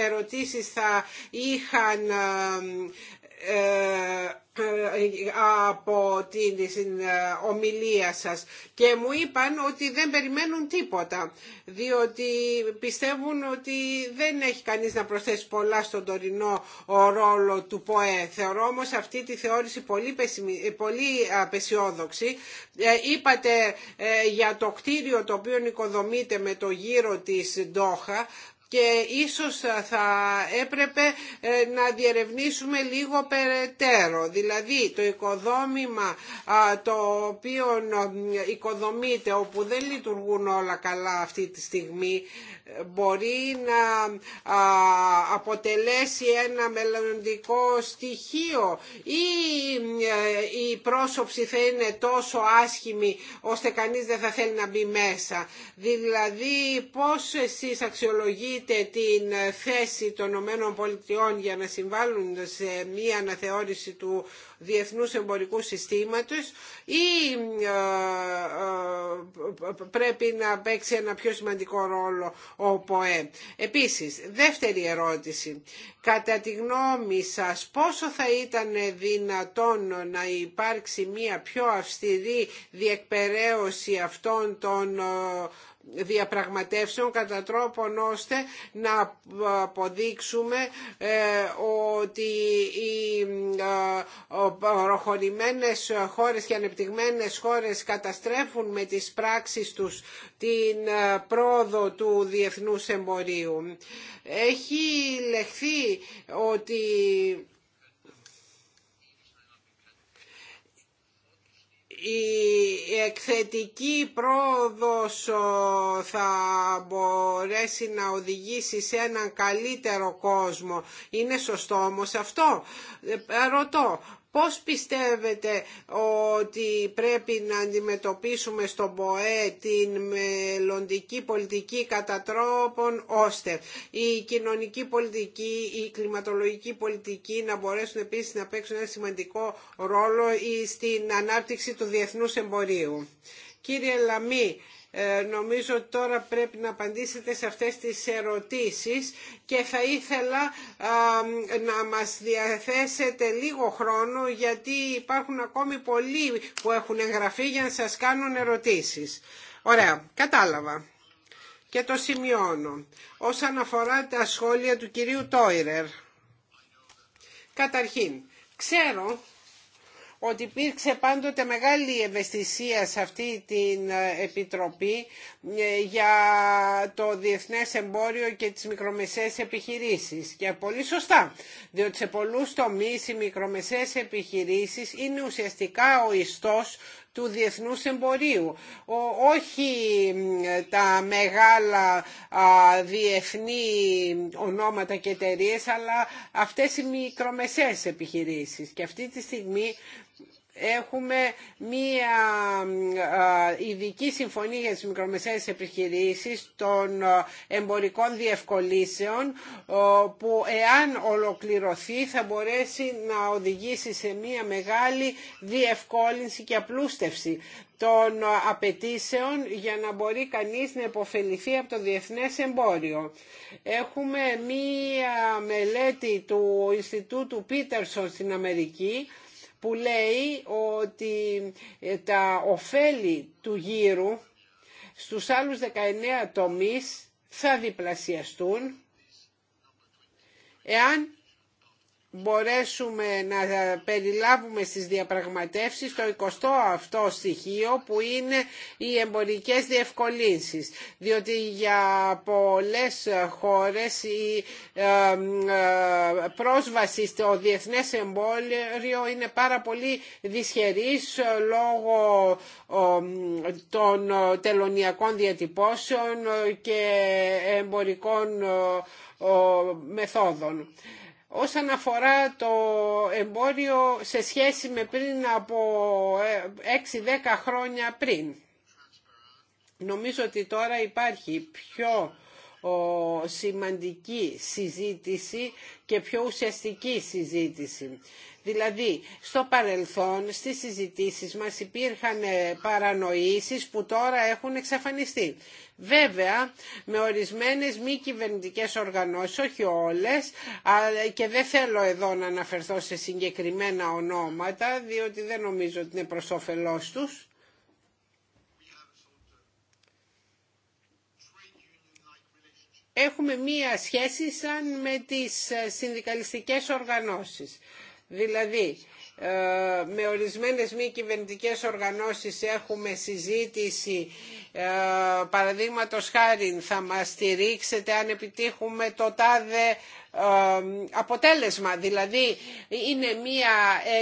ερωτήσεις θα είχαν ε, από την ομιλία σας και μου είπαν ότι δεν περιμένουν τίποτα διότι πιστεύουν ότι δεν έχει κανείς να προσθέσει πολλά στον τωρινό ρόλο του ΠΟΕ. Θεωρώ όμως αυτή τη θεώρηση πολύ, πολύ απεσιόδοξη. Ε, είπατε ε, για το κτίριο το οποίο οικοδομείται με το γύρο της Ντόχα και ίσως θα έπρεπε ε, να διερευνήσουμε λίγο περαιτέρω. Δηλαδή το οικοδόμημα το οποίο οικοδομείται όπου δεν λειτουργούν όλα καλά αυτή τη στιγμή ε, μπορεί να αποτελέσει ένα μελλοντικό στοιχείο ή ε, η πρόσωψη θα είναι τόσο άσχημη ώστε κανείς δεν θα θέλει να μπει μέσα. Δηλαδή πώς εσείς αξιολογείτε δείτε την θέση των ΗΠΑ για να συμβάλλουν σε μία αναθεώρηση του διεθνούς εμπορικού συστήματος ή ε, ε, πρέπει να παίξει ένα πιο σημαντικό ρόλο ο ΠΟΕ. Επίσης, δεύτερη ερώτηση. Κατά τη γνώμη σας, πόσο θα ήταν δυνατόν να υπάρξει μία πιο αυστηρή διεκπαιρέωση αυτών των ε, διαπραγματεύσεων κατά τρόπον ώστε να αποδείξουμε ε, ότι οι ε, προχωρημένες χώρες και ανεπτυγμένες χώρες καταστρέφουν με τις πράξεις τους την ε, πρόοδο του διεθνούς εμπορίου. Έχει λεχθεί ότι η εκθετική πρόοδος θα μπορέσει να οδηγήσει σε έναν καλύτερο κόσμο. Είναι σωστό όμως αυτό. Ε, ρωτώ, Πώς πιστεύετε ότι πρέπει να αντιμετωπίσουμε στον ΠΟΕ την μελλοντική πολιτική κατά τρόπον ώστε η κοινωνική πολιτική, η κλιματολογική πολιτική να μπορέσουν επίσης να παίξουν ένα σημαντικό ρόλο στην ανάπτυξη του διεθνούς εμπορίου. Κύριε Λαμή, ε, νομίζω ότι τώρα πρέπει να απαντήσετε σε αυτές τις ερωτήσεις και θα ήθελα να μας διαθέσετε λίγο χρόνο γιατί υπάρχουν ακόμη πολλοί που έχουν εγγραφεί για να σας κάνουν ερωτήσεις. Ωραία, κατάλαβα και το σημειώνω. Όσον αφορά τα σχόλια του κυρίου Τόιρερ, καταρχήν, ξέρω ότι υπήρξε πάντοτε μεγάλη ευαισθησία σε αυτή την ε, Επιτροπή ε, για το διεθνές εμπόριο και τις μικρομεσαίες επιχειρήσεις. Και πολύ σωστά, διότι σε πολλούς τομείς οι μικρομεσαίες επιχειρήσεις είναι ουσιαστικά ο ιστός του διεθνούς εμπορίου. όχι τα μεγάλα διεθνή ονόματα και εταιρείε, αλλά αυτές οι μικρομεσαίες επιχειρήσεις. Και αυτή τη στιγμή έχουμε μία ειδική συμφωνία για τις μικρομεσαίες επιχειρήσεις των εμπορικών διευκολύσεων που εάν ολοκληρωθεί θα μπορέσει να οδηγήσει σε μία μεγάλη διευκόλυνση και απλούστευση των απαιτήσεων για να μπορεί κανείς να υποφεληθεί από το διεθνές εμπόριο. Έχουμε μία μελέτη του Ινστιτούτου Πίτερσον στην Αμερική που λέει ότι ε, τα ωφέλη του γύρου στους άλλους 19 τομείς θα διπλασιαστούν εάν μπορέσουμε να περιλάβουμε στις διαπραγματεύσεις το 20 αυτό στοιχείο που είναι οι εμπορικές διευκολύνσεις. Διότι για πολλές χώρες η ε, πρόσβαση στο διεθνές εμπόριο είναι πάρα πολύ δυσχερής λόγω των τελωνιακών διατυπώσεων και εμπορικών μεθόδων όσον αφορά το εμπόριο σε σχέση με πριν από 6-10 ε, χρόνια πριν. Νομίζω ότι τώρα υπάρχει πιο σημαντική συζήτηση και πιο ουσιαστική συζήτηση. Δηλαδή, στο παρελθόν, στις συζητήσεις μας υπήρχαν ε, παρανοήσεις που τώρα έχουν εξαφανιστεί. Βέβαια, με ορισμένες μη κυβερνητικέ οργανώσεις, όχι όλες, και δεν θέλω εδώ να αναφερθώ σε συγκεκριμένα ονόματα, διότι δεν νομίζω ότι είναι προς όφελός τους. Έχουμε μία σχέση σαν με τις ε, συνδικαλιστικές οργανώσεις. Δηλαδή, ε, με ορισμένες μη κυβερνητικέ οργανώσεις έχουμε συζήτηση ε, παραδείγματο χάρη θα μας στηρίξετε αν επιτύχουμε το τάδε ε, αποτέλεσμα δηλαδή είναι μια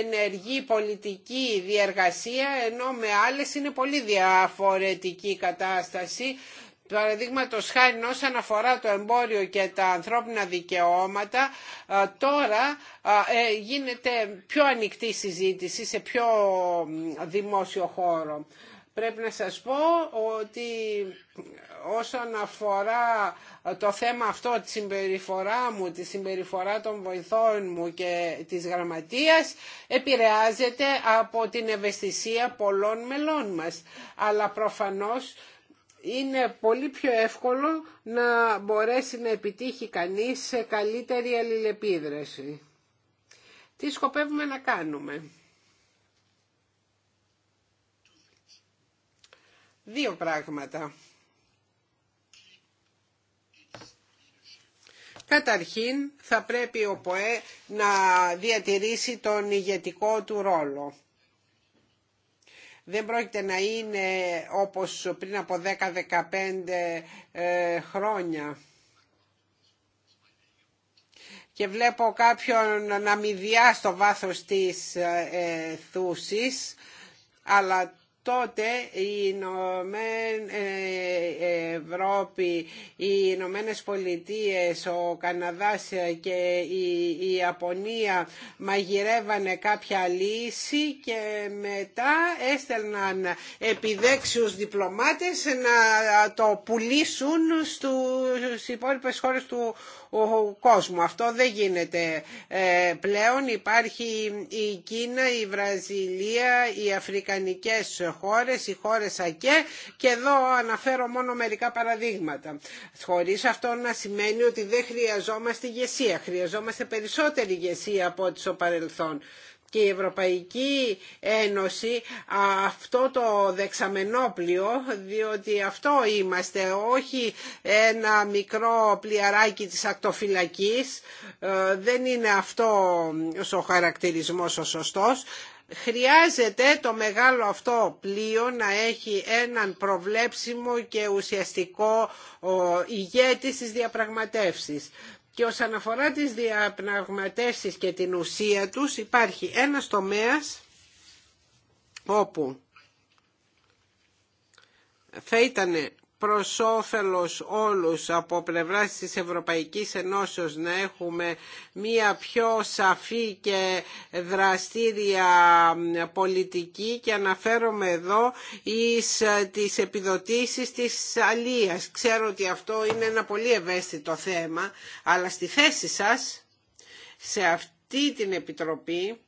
ενεργή πολιτική διεργασία ενώ με άλλες είναι πολύ διαφορετική κατάσταση Παραδείγματο χάρη όσον αφορά το εμπόριο και τα ανθρώπινα δικαιώματα, ε, τώρα ε, γίνεται πιο ανοιχτή συζήτηση σε πιο δημόσιο χώρο. Πρέπει να σας πω ότι όσον αφορά ε, το θέμα αυτό, τη συμπεριφορά μου, τη συμπεριφορά των βοηθών μου και της γραμματείας, επηρεάζεται από την ευαισθησία πολλών μελών μας. Αλλά προφανώς είναι πολύ πιο εύκολο να μπορέσει να επιτύχει κανείς σε καλύτερη αλληλεπίδραση. Τι σκοπεύουμε να κάνουμε. Δύο πράγματα. Καταρχήν θα πρέπει ο ΠΟΕ να διατηρήσει τον ηγετικό του ρόλο δεν πρόκειται να είναι όπως πριν από 10-15 ε, χρόνια και βλέπω κάποιον να μηδιά στο βάθος της ε, ε θούσης, αλλά τότε η ε, ε, Ευρώπη, οι Ηνωμένε Πολιτείε, ο Καναδά και η Ιαπωνία μαγειρεύανε κάποια λύση και μετά έστελναν επιδέξιους διπλωμάτες να το πουλήσουν στους υπόλοιπες χώρες του ο κόσμο. Αυτό δεν γίνεται ε, πλέον. Υπάρχει η Κίνα, η Βραζιλία, οι Αφρικανικές χώρες, οι χώρες ΑΚΕ και εδώ αναφέρω μόνο μερικά παραδείγματα. Χωρίς αυτό να σημαίνει ότι δεν χρειαζόμαστε ηγεσία. Χρειαζόμαστε περισσότερη ηγεσία από ό,τι στο παρελθόν και η Ευρωπαϊκή Ένωση αυτό το δεξαμενόπλιο διότι αυτό είμαστε όχι ένα μικρό πλιαράκι της ακτοφυλακής ε, δεν είναι αυτό ο χαρακτηρισμός ο σωστός χρειάζεται το μεγάλο αυτό πλοίο να έχει έναν προβλέψιμο και ουσιαστικό ηγέτη στις διαπραγματεύσεις. Και όσον αφορά τις διαπραγματεύσεις και την ουσία τους υπάρχει ένας τομέας όπου θα ήταν προς όφελος όλους από πλευράς της Ευρωπαϊκής Ενώσεως να έχουμε μία πιο σαφή και δραστήρια πολιτική και αναφέρομαι εδώ εις τις επιδοτήσεις της αλίας. Ξέρω ότι αυτό είναι ένα πολύ ευαίσθητο θέμα, αλλά στη θέση σας, σε αυτή την Επιτροπή,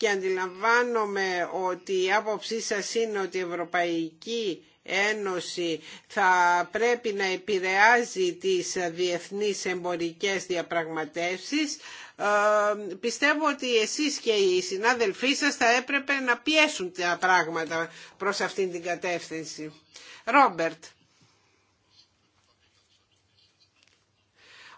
και αντιλαμβάνομαι ότι η άποψή σας είναι ότι η Ευρωπαϊκή Ένωση θα πρέπει να επηρεάζει τις διεθνείς εμπορικές διαπραγματεύσεις. Ε, πιστεύω ότι εσείς και οι συνάδελφοί σας θα έπρεπε να πιέσουν τα πράγματα προς αυτήν την κατεύθυνση. Ρόμπερτ.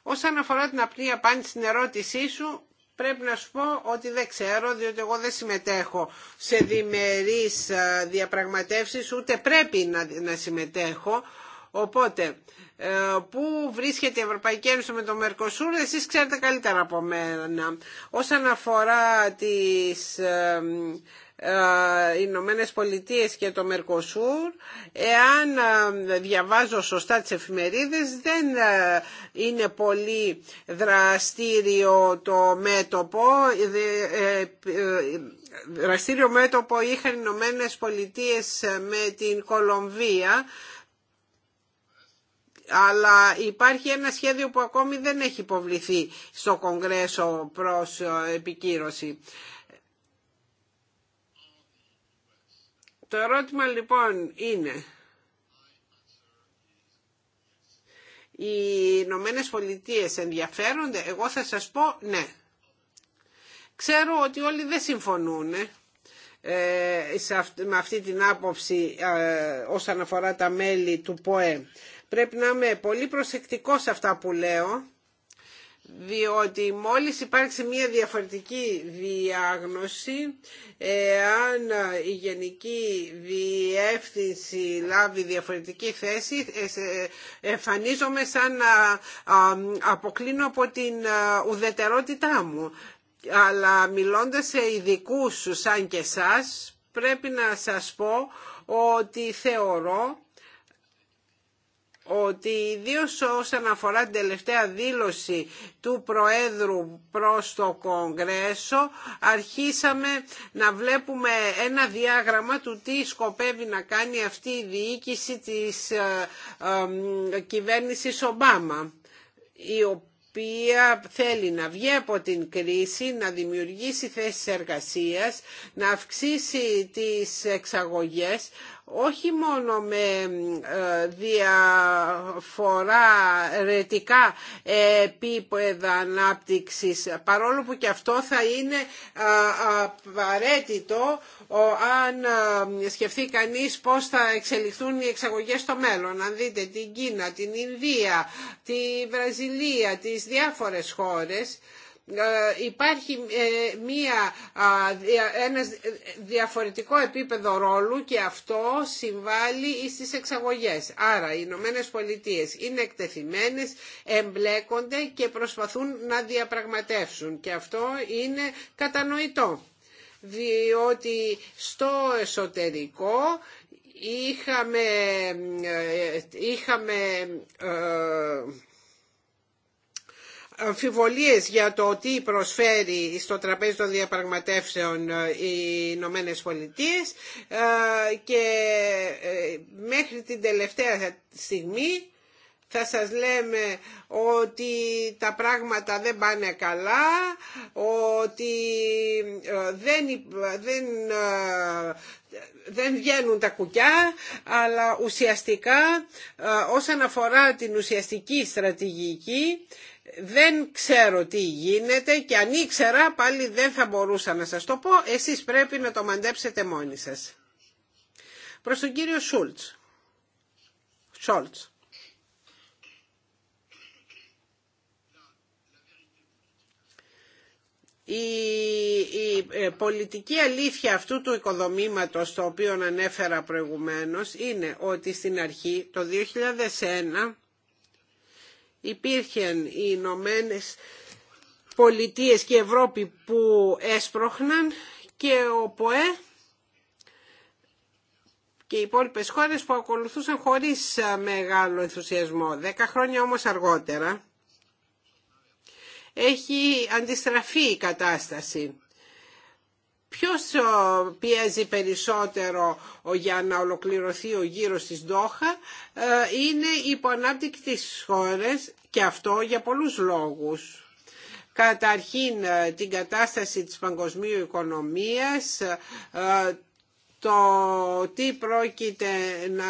Όσον αφορά την απλή απάντηση στην ερώτησή σου, πρέπει να σου πω ότι δεν ξέρω, διότι εγώ δεν συμμετέχω σε διμερείς ε, διαπραγματεύσεις, ούτε πρέπει να, να συμμετέχω. Οπότε, ε, πού βρίσκεται η Ευρωπαϊκή Ένωση με το Μερκοσούρ, εσείς ξέρετε καλύτερα από μένα. Όσον αφορά τις ε, ε, Ηνωμένε Πολιτείε και το Μερκοσούρ εάν ε, διαβάζω σωστά τις εφημερίδες δεν ε, είναι πολύ δραστήριο το μέτωπο δραστήριο μέτωπο είχαν οι Ηνωμένε Πολιτείε με την Κολομβία αλλά υπάρχει ένα σχέδιο που ακόμη δεν έχει υποβληθεί στο Κογκρέσο προς επικύρωση. Το ερώτημα λοιπόν είναι... Οι Ηνωμένε Πολιτείε ενδιαφέρονται, εγώ θα σας πω ναι. Ξέρω ότι όλοι δεν συμφωνούν ε, με αυτή την άποψη ε, όσον αφορά τα μέλη του ΠΟΕ. Πρέπει να είμαι πολύ προσεκτικός σε αυτά που λέω διότι μόλις υπάρξει μια διαφορετική διάγνωση, εάν η Γενική Διεύθυνση λάβει διαφορετική θέση, ε, εμφανίζομαι σαν να αποκλίνω από την ουδετερότητά μου. Αλλά μιλώντας σε ειδικού σαν και σας, πρέπει να σας πω ότι θεωρώ ότι ιδίω όσον αφορά την τελευταία δήλωση του Προέδρου προς το Κογκρέσο αρχίσαμε να βλέπουμε ένα διάγραμμα του τι σκοπεύει να κάνει αυτή η διοίκηση της ε, ε κυβέρνησης Ομπάμα η οποία θέλει να βγει από την κρίση, να δημιουργήσει θέσεις εργασίας, να αυξήσει τις εξαγωγές όχι μόνο με ε, διαφορά ρετικά επίπεδα ανάπτυξης, παρόλο που και αυτό θα είναι ε, απαραίτητο αν ε, σκεφτεί κανείς πώς θα εξελιχθούν οι εξαγωγές στο μέλλον. Αν δείτε την Κίνα, την Ινδία, τη Βραζιλία, τις διάφορες χώρες, ε, υπάρχει ε, μία, ένας διαφορετικό επίπεδο ρόλου και αυτό συμβάλλει στις εξαγωγές. Άρα οι Ηνωμένε Πολιτείε είναι εκτεθειμένες, εμπλέκονται και προσπαθούν να διαπραγματεύσουν και αυτό είναι κατανοητό διότι στο εσωτερικό είχαμε, ε, είχαμε αμφιβολίες για το τι προσφέρει στο τραπέζι των διαπραγματεύσεων ε, οι Ηνωμένε Πολιτείε ε, και ε, μέχρι την τελευταία στιγμή θα σας λέμε ότι τα πράγματα δεν πάνε καλά, ότι δεν, δεν, δεν βγαίνουν τα κουκιά, αλλά ουσιαστικά όσον αφορά την ουσιαστική στρατηγική δεν ξέρω τι γίνεται και αν ήξερα πάλι δεν θα μπορούσα να σας το πω. Εσείς πρέπει να το μαντέψετε μόνοι σας. Προς τον κύριο Σούλτς. Σόλτς. Η, ε, πολιτική αλήθεια αυτού του οικοδομήματος το οποίο ανέφερα προηγουμένως είναι ότι στην αρχή το 2001 υπήρχαν οι Ηνωμένε Πολιτείε και Ευρώπη που έσπροχναν και ο ΠΟΕ και οι υπόλοιπες χώρες που ακολουθούσαν χωρίς μεγάλο ενθουσιασμό. Δέκα χρόνια όμως αργότερα έχει αντιστραφεί η κατάσταση. Ποιος πιέζει περισσότερο για να ολοκληρωθεί ο γύρος της Ντόχα ε, είναι υποανάπτυκτης χώρες και αυτό για πολλούς λόγους καταρχήν ε, την κατάσταση της παγκοσμίου οικονομίας, ε, το τι πρόκειται να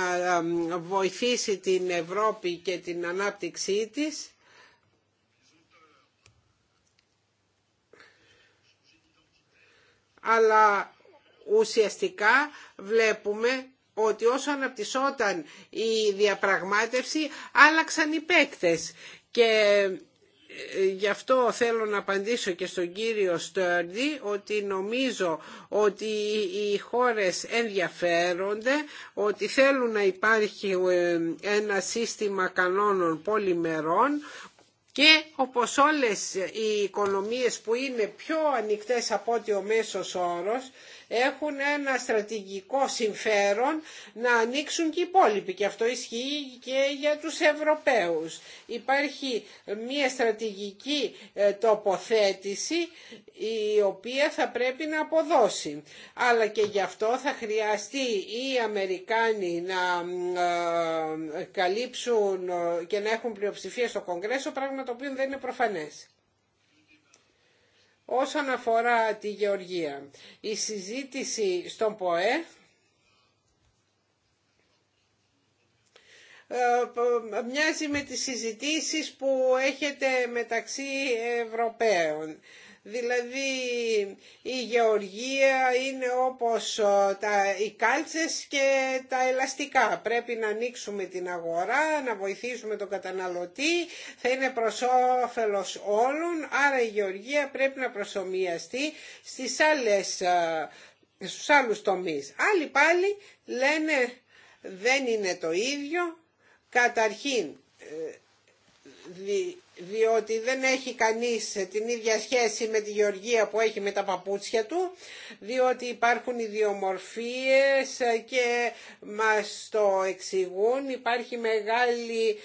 βοηθήσει την Ευρώπη και την ανάπτυξή της αλλά ουσιαστικά βλέπουμε ότι όσο αναπτυσσόταν η διαπραγμάτευση άλλαξαν οι παίκτες και ε, γι' αυτό θέλω να απαντήσω και στον κύριο Στέρντι ότι νομίζω ότι οι χώρες ενδιαφέρονται ότι θέλουν να υπάρχει ε, ένα σύστημα κανόνων πολυμερών και όπως όλες οι οικονομίες που είναι πιο ανοιχτές από ό,τι ο μέσος όρος, έχουν ένα στρατηγικό συμφέρον να ανοίξουν και οι υπόλοιποι και αυτό ισχύει και για τους Ευρωπαίους. Υπάρχει μια στρατηγική ε, τοποθέτηση η οποία θα πρέπει να αποδώσει. Αλλά και γι' αυτό θα χρειαστεί οι Αμερικάνοι να ε, καλύψουν ε, και να έχουν πλειοψηφία στο Κογκρέσο, πράγμα το οποίο δεν είναι προφανές. Όσον αφορά τη γεωργία, η συζήτηση στον ΠΟΕ ε, μοιάζει με τις συζητήσεις που έχετε μεταξύ Ευρωπαίων Δηλαδή η γεωργία είναι όπως ε, τα, οι κάλτσες και τα ελαστικά. Πρέπει να ανοίξουμε την αγορά, να βοηθήσουμε τον καταναλωτή, θα είναι προς όφελος όλων, άρα η γεωργία πρέπει να προσωμιαστεί στις άλλες, ε, στους άλλους τομείς. Άλλοι πάλι λένε δεν είναι το ίδιο. Καταρχήν ε, διότι δεν έχει κανείς την ίδια σχέση με τη γεωργία που έχει με τα παπούτσια του, διότι υπάρχουν ιδιομορφίες και μας το εξηγούν. Υπάρχει μεγάλη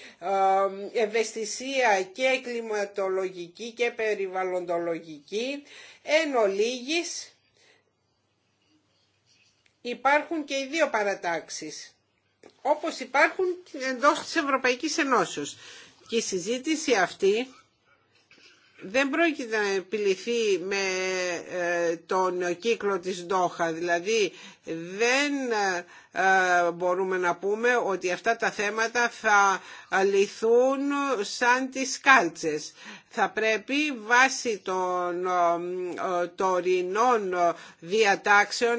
ευαισθησία και κλιματολογική και περιβαλλοντολογική. Εν ολίγης υπάρχουν και οι δύο παρατάξεις, όπως υπάρχουν εντός της Ευρωπαϊκής Ενώσεως. Και η συζήτηση αυτή δεν πρόκειται να επιληθεί με ε, τον κύκλο της Ντόχα. Δηλαδή δεν ε, μπορούμε να πούμε ότι αυτά τα θέματα θα λυθούν σαν τις κάλτσες. Θα πρέπει βάσει των ε, τωρινών διατάξεων